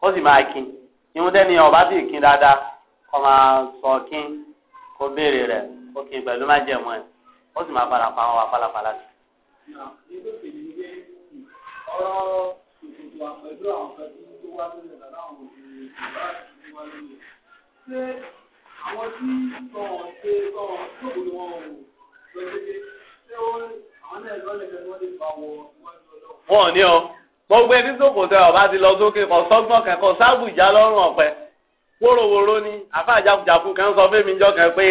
kó sì máa kín ìhun tẹ́ni ọba sì kín dáadáa kó máa sọ kín kó béèrè rẹ̀ kó kín pẹ̀lú má jẹ̀mọ́ ẹ̀ ó sì máa padà pa àwọn sí. wọ́n ní ọ gbogbo ẹni tó kò tẹ ọba ti lọ sókè kọ sọgbọn kan kọ sábùjá lọrùn ọpẹ wórówóró ni àfa àjàkùjàkù kan sọ fẹmi jọ kan pé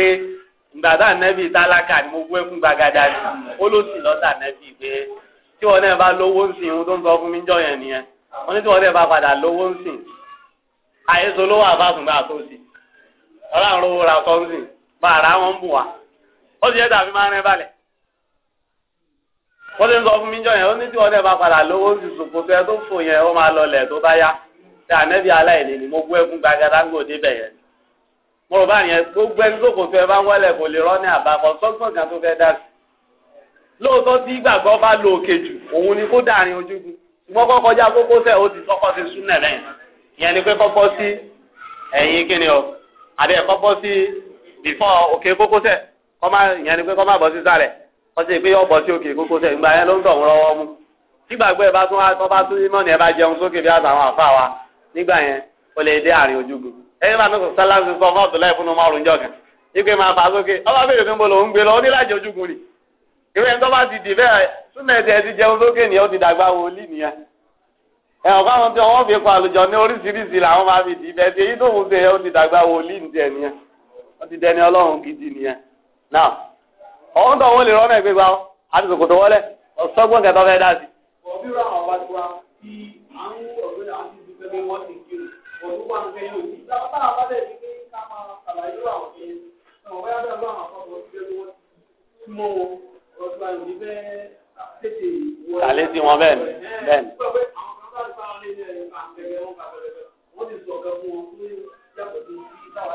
gbàdá nẹbi tálákà ni mo gbé fún gbàgàdà ni ó ló sì lọ́tà nẹbi pé tí wọn náà bá lówó ń sìn ohun tó ń sọ fún mi jọ yẹn nìyẹn wọn ní tí wọn náà bá padà lówó ń sìn àyèsò lówó àbáṣùgbà àtòsí ọlọ́run lówó ra sọ́ńsìn bàrà wọn bù wá ó sì yẹ tàbí máa rìn balẹ̀ wọ́n ti ń sọ fún mi jọ yẹn ó ní tí wọ́n dẹ̀ bá padà lówó ti sòkòtò ẹ tó fò yẹn ó máa lọlẹ̀ tó bá yá ṣe ànẹ́bí aláìní ni mo gbọ́ ẹkún gbàgádá ń gòdì bẹ̀ yẹn mo rò bá yẹn gbogbo ẹni sòkòtò ẹ bá wọlé kò lè rọ́ọ̀nì àbákọ sọ́gbọ̀n kan tó fẹ́ dá sí lóòótọ́ tí gbàgbọ́ bá lo òkè jù òun ni kó dàrin ojúgun ṣùgbọ́n kọ́ kọjá kókó sẹ́ ó ti kọ́kọ́ ti sún nẹ̀rẹ́ yẹn ni pé kọ́kọ́ sí ẹ̀yìn kíni o àbí ẹ̀ kọ́kọ́ sí bìfọ́ òkè kókó sẹ́ kọ́ má yẹn ni wọ́n sì pé ọ̀bọ̀ sí òkè kókó sẹ̀ ìgbà yẹn ló ń tọ̀ rọwọ́ mú nígbàgbọ́ ẹ bá tún wá tọ́ bá tún ní mọ́ni ẹ bá jẹun sókè bí àtàwọn àfa wa nígbà yẹn ó lè dé àárín ojúgun ẹni bá tó sọ sálá ti sọ fọ́ọ̀tù láì fún ọmọ ọ̀rùn jọ̀gàn ìpè máa fà sókè ọba bèrè fún bolo ń gbé lọ ó ní láti ojúgun ni ìwé ẹni tó bá ti dì bẹ́ẹ̀ súnmọ́ ẹ ti ẹ ti jẹun sókè ni ó ti dàgbà wòlíì nìyẹn ẹ ọ̀pá àwọn tí wọ́n fi kọ àlùjọ ní oríṣiríṣi làwọn máa fi dì bẹ́ẹ̀ ti èyí tó ń ọ̀hún tó wọ́n lè rọ́nà ìgbégbá wọn àti sòkòtò wọlé ọ̀sọ́gbọ̀n kẹtọ́ fẹ́ dá sí. ọ̀bírọ̀ àwọn bá ti wá bí àwọn ọ̀gbìn àti ìdílé pé wọ́n ti kí ọdún wà ń kẹ́yìn òní. ìjọba bá bẹ̀ ní pé ká máa ṣàlàyé àwọn ẹ̀yẹ ọ̀rọ̀ bá yàtọ̀ lọ́wọ́ àwọn ọ̀gbìn ìdílé pé wọ́n ti mọ́ ọ̀gbìn àti ìdílé tètè wọn bẹ́ẹ̀ bẹ́ẹ̀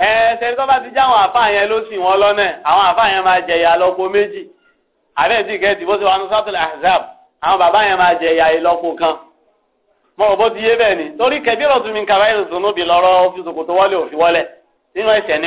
ẹ ṣe tó bá ti já àwọn àfáà yẹn ló sì wọn lọ́nà àwọn àfáà yẹn máa jẹ̀yà lọ́pọ̀ méjì àbẹ́ ti gẹ̀ẹ́tì bó ṣe wà ní sátìlì ahzab àwọn bàbá yẹn máa jẹ̀yà ìlọ́pọ̀ kan mo rò bó ti yé bẹ́ẹ̀ ni torí kẹbí rọ̀tún mi kàrá ìrìnsùn níbi lọ́rọ́ fi ṣòkòtò wọlé òfi wọlé nínú ẹ̀ṣẹ̀ ní